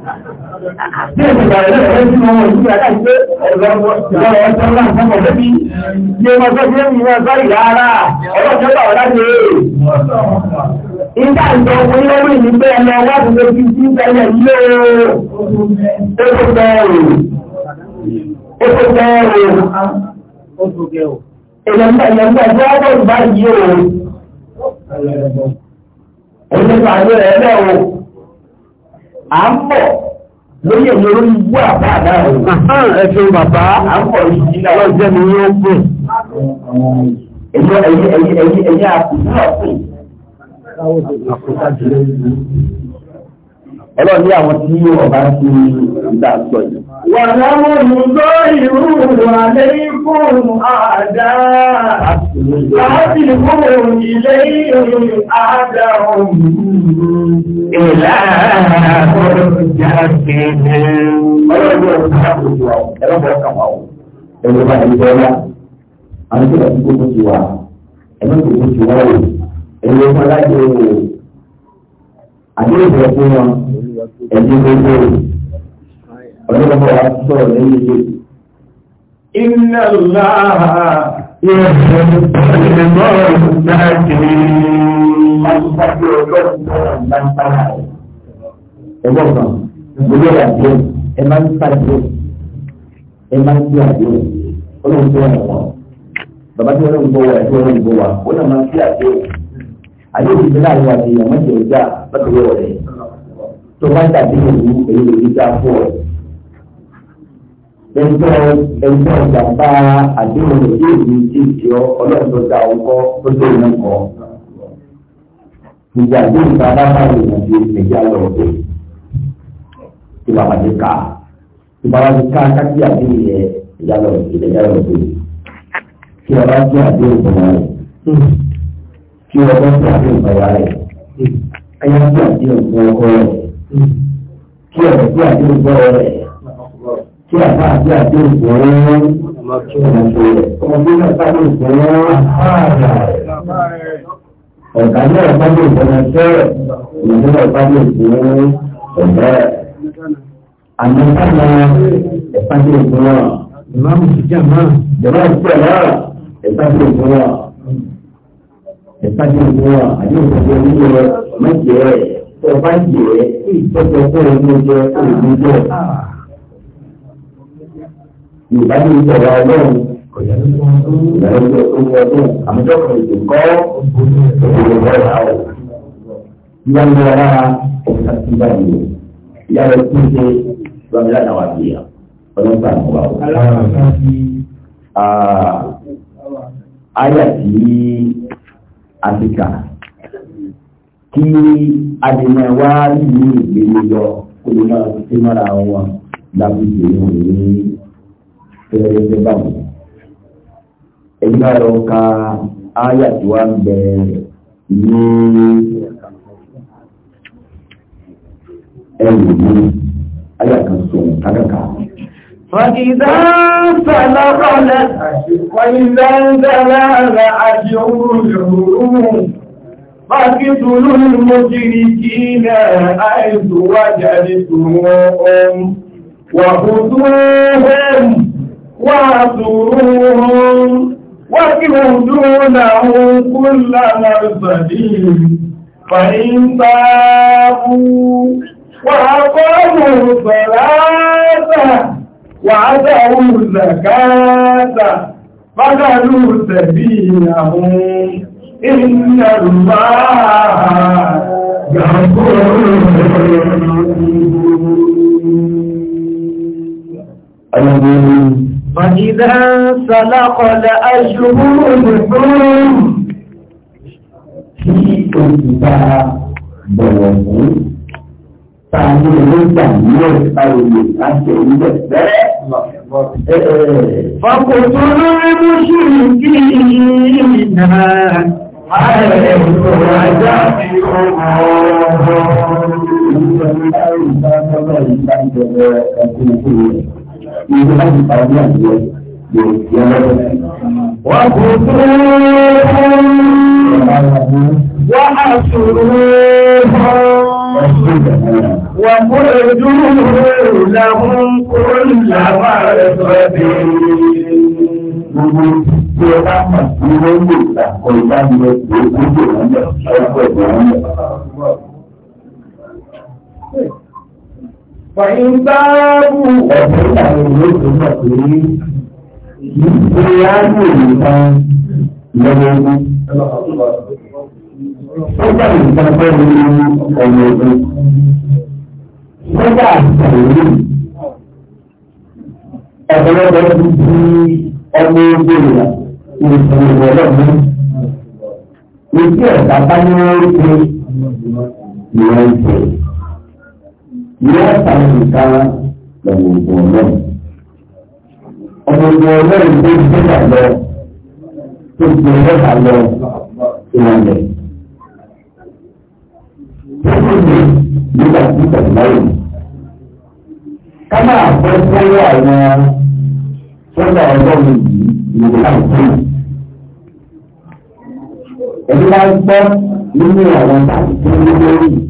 Tí ìjọ orí lọ́wọ́ ìlú pé ẹlọ ló fi sí ìgbẹ̀lẹ̀ ilé oṣù lórí ẹ̀yẹ lórí wú Ọlọ́run ní àwọn tí ọba ń fi ìdá yìí. Wà láwọn olùgbọ́ ìlú wà lẹ́yìn fóònù àdá. Láti fóònù ilé ìrìn àdá ìlà àkọ́rọ̀ jáde ọlọ́dún ọ̀sán àkójọ àwọn ẹ̀rọ bọ̀ ọ̀kan wà ó ẹ̀rọ bá ẹ̀rọ bọ́lá àwọn tó bá ti gbogbo ti wà ẹ̀rọ tó gbogbo ti wà ó ẹ̀rọ bọ́lá jẹ́ òwò àdéhùn ìbẹ̀rẹ̀ fún wọn ẹ̀dín gbogbo ọlọ́dún bọ̀ wá sọ̀rọ̀ lẹ́yìn ilé. Inna Allah yóò ṣe ìgbàlódé náà ẹgbọ́n kan ìgbélé àdé ẹ máa ń pàdé ẹ máa ń gbé àdé olóhùn tó wà wọn bàbá tí olóhùn tó wà ẹ tó olóhùn tó wà ó náà máa ń gbé àdé àdé òsì náà wà ní ọmọ ìjọ ìjà lọ́kọ̀ọ́ wọlé tó bá dàbí ìlú èyí lè dá fún ọ ẹjọ́ ẹjọ́ ìjàmbá àdéhùn ìdí ìdí ìdí ìdí ọlọ́run tó da ọkọ tó tó ìlú kan gbogbo àdéhùn tá bá bá lè nàdé ẹ̀jẹ̀ àlọ́ ọ̀dẹ̀ tí bàbá ti ká tí bàbá ti ká kájí àdéhùn yẹ ẹ̀jẹ̀ àlọ́ ọ̀dẹ̀ ẹ̀jẹ̀ àlọ́ ọ̀dẹ̀ tí bàbá ti àdéhùn bàbá rẹ̀ tí ọba ti àdéhùn bàbá rẹ̀ ẹ̀yà ti àdéhùn fún ọkọ rẹ̀ tí ọ̀rẹ́ ti àdéhùn fún ọ̀rẹ́ rẹ̀ tí àbá àti àdéhùn fún rẹ̀ ọmọ tó ń bọ̀ rẹ̀ ọmọ tó ń bọ̀ rẹ̀ ọ̀gá náà bá lè bọ́nà ìlú náà bá lè bú àmọ́ sábà ẹ̀fá lè bú wọn. ìmáàmù ti jẹ́ ìjọba ìpẹ́ náà ẹ̀fá lè bú wọn. ẹ̀fá lè bú wọn àti ìfọ̀jọ́ nílò tó bá jẹ ìtọ́jọ kó o ní jẹ kó jẹ. ìbáraẹni sọ̀rọ̀ ọlọ́run. Ìyàwó tó ń gbọdún, àmọ́jọ́ kan ètò kọ́ òkúrò lọ́la o. Ìyá mi wà lára òun ká sí báyìí o. Ìyá rẹ̀ tún ṣe lọ́mọdé àdáwà sí ìyá. Ọlọ́pàá àmọ́ wa o. Àyà tí a ti kà kí adìmọ̀ wa nínú ìgbéyìí lọ kó lè máa fi sí mọ́ra wọn lábùjẹ́ ìwọ̀n ní fẹ́rẹ́fẹ́ báwọn èyí náà lọ ka áyà tí wá ń bẹ ní ẹ̀rù ní áyà kan sọ̀rọ̀ kákàkà. فإذا سلغ وإذا زلال أشهر الحروم فاقتلوا المشركين حيث وجدتموهم وخذوهم واعذروهم وَاجْعَلْ دُونَهُ كُلَّ مَرْصَدٍ فَإِنْ تَابُوا وَأَقَامُوا الصَّلَاةَ وَآتَوُا الزَّكَاةَ فَخَلُوا سَبِيلَهُمْ إِنَّ اللَّهَ غَفُورٌ رَّحِيمٌ فإذا انسلق الأشهر الحرم tí òṣìṣà bọ̀wọ̀ fún tàbí olóògbà náà àròyé àti òwúrọ̀ bẹ́ẹ̀. Fọ́kùtù lórí mú sí kí ìrìnà àìrẹ̀kọ̀ ajá fi ọmọ ọmọ وقتوهم وأسروهم وقعدوا لهم كل مرصد tí ẹ bá mọ̀ sí ló ń lò ìgbà kọ ìbánilẹ̀ tó gbogbo ìrànlẹ̀ ọgbẹ̀gbẹ̀ ìrànlẹ̀. Fọ̀yín báábù ọ̀pọ̀ ìlànà ìlú tó mọ̀ pé ìgbé ágbò nìkan lọ́wọ́ ogun. Sọ́jà nìkan bẹ́ẹ̀ ni ọ̀nà ogun. Sọ́jà àtàlẹ́ ọ̀pọ̀lọpọ̀ ti di ọmọ ogun ìlà ìrìnsàn ìwọ̀ lọ́gbọ́n. Ìdí ẹ̀ka bá ní wọ́n ń pe ìwọ̀n ìjẹ́ yóò sáré ká lọ́wọ́ ògùn ọlọ́run. ọmọ ògùn ọlọ́run tó ń gbéra lọ tó ń gbéra lọ ìrànlẹ̀. tó ń gbé nígbà tí tẹ̀síwáyé. ká máa fẹ́ fọ́wọ́ àwọn sọ́dọ̀ ọlọ́run yìí lòdì láìpẹ́. ẹni máa ń gbọ́ nínú àwọn tàbí tó ń lórí.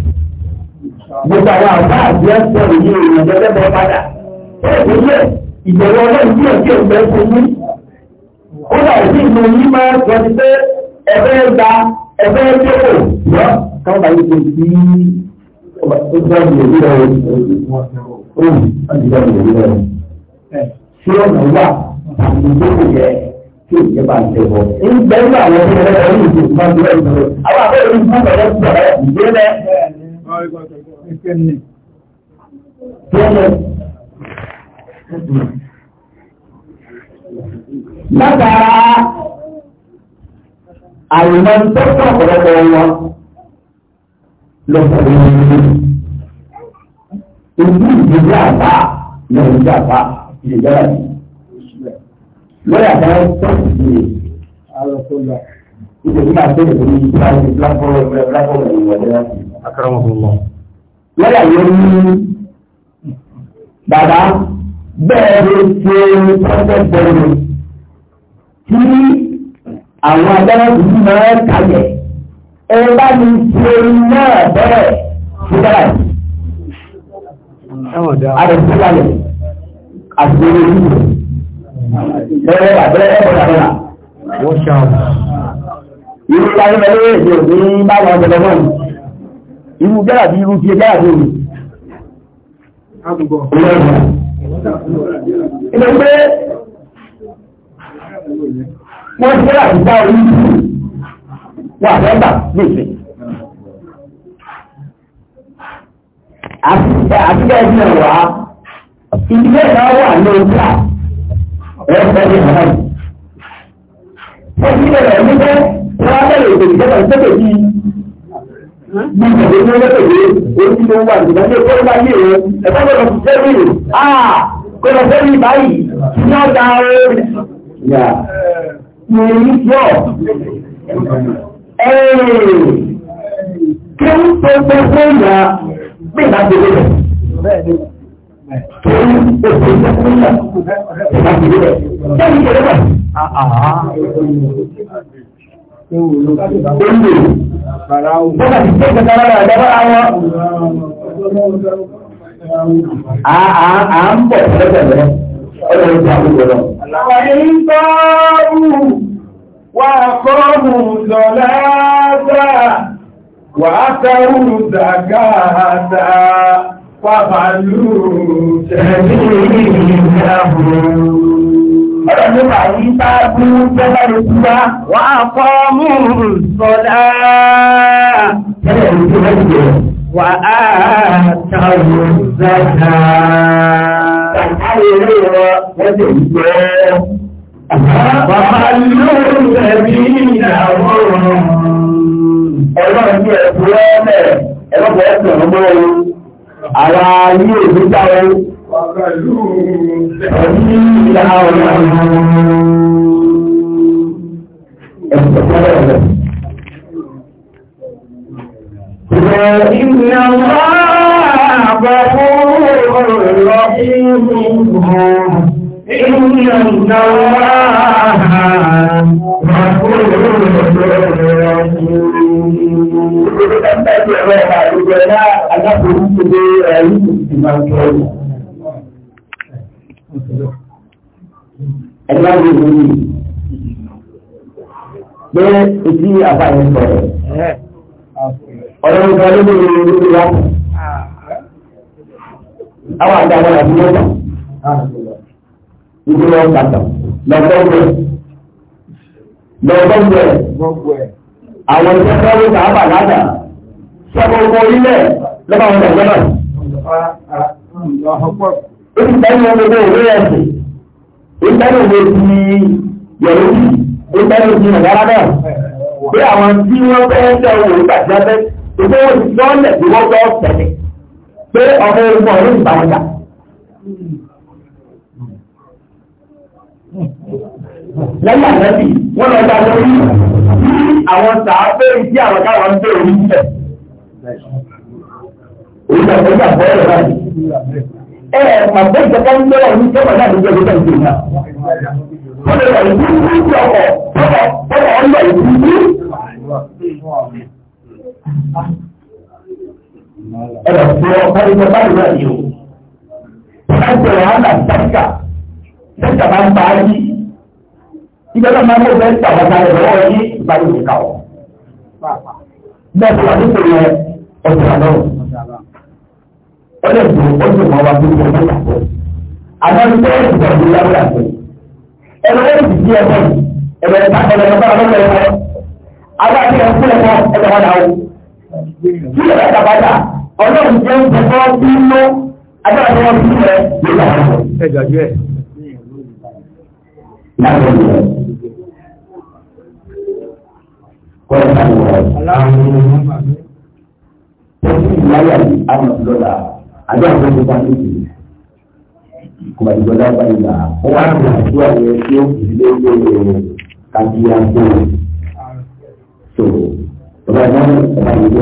gbogbo àwọn àbá àti ẹ̀sọ́ èyí èèyàn jẹ́ padà ẹ̀sìn yẹ ìbẹ̀rù ọlọ́run díẹ̀ díẹ̀ ń bẹ́ẹ̀ fún yín ó dà sí ìlú yín máa ń sọ pé ẹ̀fẹ́ gba ẹ̀fẹ́ jókòó lọ káwọn bá yẹ kó sí ìgbàlù èyí rẹ̀ ó ìgbàlù ìfẹ́ ni látara àìmọ́ tó pọ̀ ọ̀pọ̀lọpọ̀ wọn lọ́pọ̀lọpọ̀ ojú ìdíje àbá lọ́wọ́ ìdíje àbá ìdíje àbá lọ́yà àbá tó ìdíje àlọ́kọ̀ọ́lá ìdíje àbá tó ìdíje àbá ìdíje àbá ìdíje àbá ìdíje àbá ìdíje àbá lọ́yà yẹn ní bàbá bẹ́ẹ̀ ló ṣe pọ́ńtẹ́ bọ́ọ̀lù tí àwọn agbára tuntun máa ń kalẹ̀ ẹ bá mi ṣe náà bẹ́ẹ̀ ṣe dára sí. Àdàbí lálẹ́ àti orí ìlú bẹ́ẹ̀ bá bẹ́ẹ̀ bọ́dà bọ́dà. Wọ́n ṣe àwọn. Ìlú ayé lọ́wọ́ èdè bá wọn bẹ̀rẹ̀ náà irú gẹ́gà bí irú ti gẹ́gà bí omi. ilé pé wọ́n ti gẹ́gà bí dá orí wà lọ́gbà gbèsè. àti bẹ́ẹ̀ bí ọ̀wá ìdílé náà wà ní ojú à ẹ̀ẹ́dẹ́gbẹ́ ní ọ̀hán. wọ́n ti gẹ́gà bí wọ́n bẹ́ẹ̀ lè gbèsè lọ́sọ̀tẹ̀ yìí ní ìgbàgbé tí wọ́n lẹ́sẹ̀ lé orí tí wọ́n wà nígbà tí ó bá yé rẹ̀ ẹ̀fọ́ lọ́dọ̀ sí sẹ́yìn ah kò lọ sẹ́yìn báyìí tí wọ́n da orí. yà mo ní jọ kí n tó gbé fóònù bí ìgbà tó lé rẹ̀ torí òkè ní fóònù ìgbà tó lé rẹ̀ sẹ́yìn tó lé Oúnjẹ, bọ́dà ti tẹ́ ìjẹta lára àdábára wọn. À ń bọ̀ lẹ́gbẹ̀rẹ̀, ọlọ́run ti àkókò lọ. Àwọn ẹ̀yìn tọ́rù wà kọ́rù lọ́lẹ́gbà wà tẹ́rù dàgáàdà pàbàlù tẹ̀lé ìrìnàbò. Ọlọ́dúnmà yí sáájú tẹ́lá ìtura. Wà kọ́ mú sọ́dá. Tẹ́lẹ̀ ìlú ẹ̀jẹ̀. Wà á tààrù zàkà. Bàtà ìlú wọn wọ́n ti jẹ́. Bàbá ló tẹ̀lé ìyàwó. Ọlọ́run ti ẹ̀kú rẹ́ mẹ́rẹ̀ ẹ̀rọ bẹ̀rẹ̀ tẹ̀lé pàkàlù ẹ̀mí ìyáwó Ìrìn àwọn àgbàkú ọ̀rọ̀ ìrìn إن الله غفور رحيم ẹ̀dá ló ń wí pé etí àbáyé sọ̀rọ̀ ọ̀rọ̀ nǹkan ló lè wọ́n lórí wa. Àwọn àgbà wọn àti wọn kà. Ibi wọn kàtà. Lọ́gbọ́gbẹ́. Lọ́gbọ́gbẹ́. Àwọn ìṣẹ́fẹ́ ló kà á bà lága. Sọ́kọ̀ ogun orílẹ̀ lọ́ba àwọn ọ̀gbẹ́ náà ti tẹ́lẹ̀ ọmọdé òwe ẹ̀sìn ìtẹ́lẹ̀ òwe ti yẹ̀wò sí ìtẹ́lẹ̀ òwe ìrànlára náà pé àwọn tí wọ́n fẹ́ tẹ́ owó ìgbàjá fẹ́ ìgbé wọn ti tọ́ lẹ̀ tí wọ́n tọ́ tẹ̀lé pé ọmọ ogun ọ̀rọ̀ ìbànújà. lẹ́yìn àlẹ́bí wọ́n lọ gba lórí àwọn sàáfẹ́ ìdí àwọn káwọn ń bẹ̀rù níbẹ̀. òun náà ló gbà bọ́ọ̀lù báyìí ẹ mà bẹ́ẹ̀ kẹta ń gbẹ́rọ ní kẹfà náà níjẹ́ ìgbésẹ̀ ìgbè náà. wọ́n lè rà ìlú ní ìlú ọkọ̀ tọ́kọ̀ tọ́kọ̀ ń lọ ìlú ní. ẹ lọ sí ọ kárí bẹ báyìí náà yìí o. láti wàhálà dáríkà dáríkà máa ń bá a yí. ibẹ̀ náà máa ń bẹ́ẹ̀ tàwọn ọ̀gá rẹ̀ lọ́wọ́ yí ìbáyìí ìkà ọ̀. bẹ́ẹ̀ sọ̀rọ̀ nítorí ẹ ọ̀sẹ̀ àlọ́ ọlẹ́ tó o tó mọ wa gbogbo ọdún yàtọ̀ àwọn ọdún tó o tó ọdún yàtọ̀ yàtọ̀ ẹnu ẹni ti di ẹ̀fọ́ o ẹ̀ka ẹ̀rọ ẹ̀ka ọlọ́pàá ẹ̀fọ́ agbára ẹ̀rọ fún ẹ̀fọ́ o wọn náà kí ẹ̀rọ ẹ̀ka bàtà ọlọ́run o ń tẹ̀fọ́ bí O lọ agbára ẹ̀rọ wọn fún o lórí àwọn ẹ̀jọ̀ Kọ́lá ìgbàlódé, àwọn ìgbàlódé àwọn ìgbàlódé àbí àwọn ọmọ ìgbà tó kìí kò bá ìgbọ́dá bá ìgbà ó wá ní àdúrà yẹn tí ó kì í lé lé kájí àgbò so ọba ìgbà ọba ìgbà.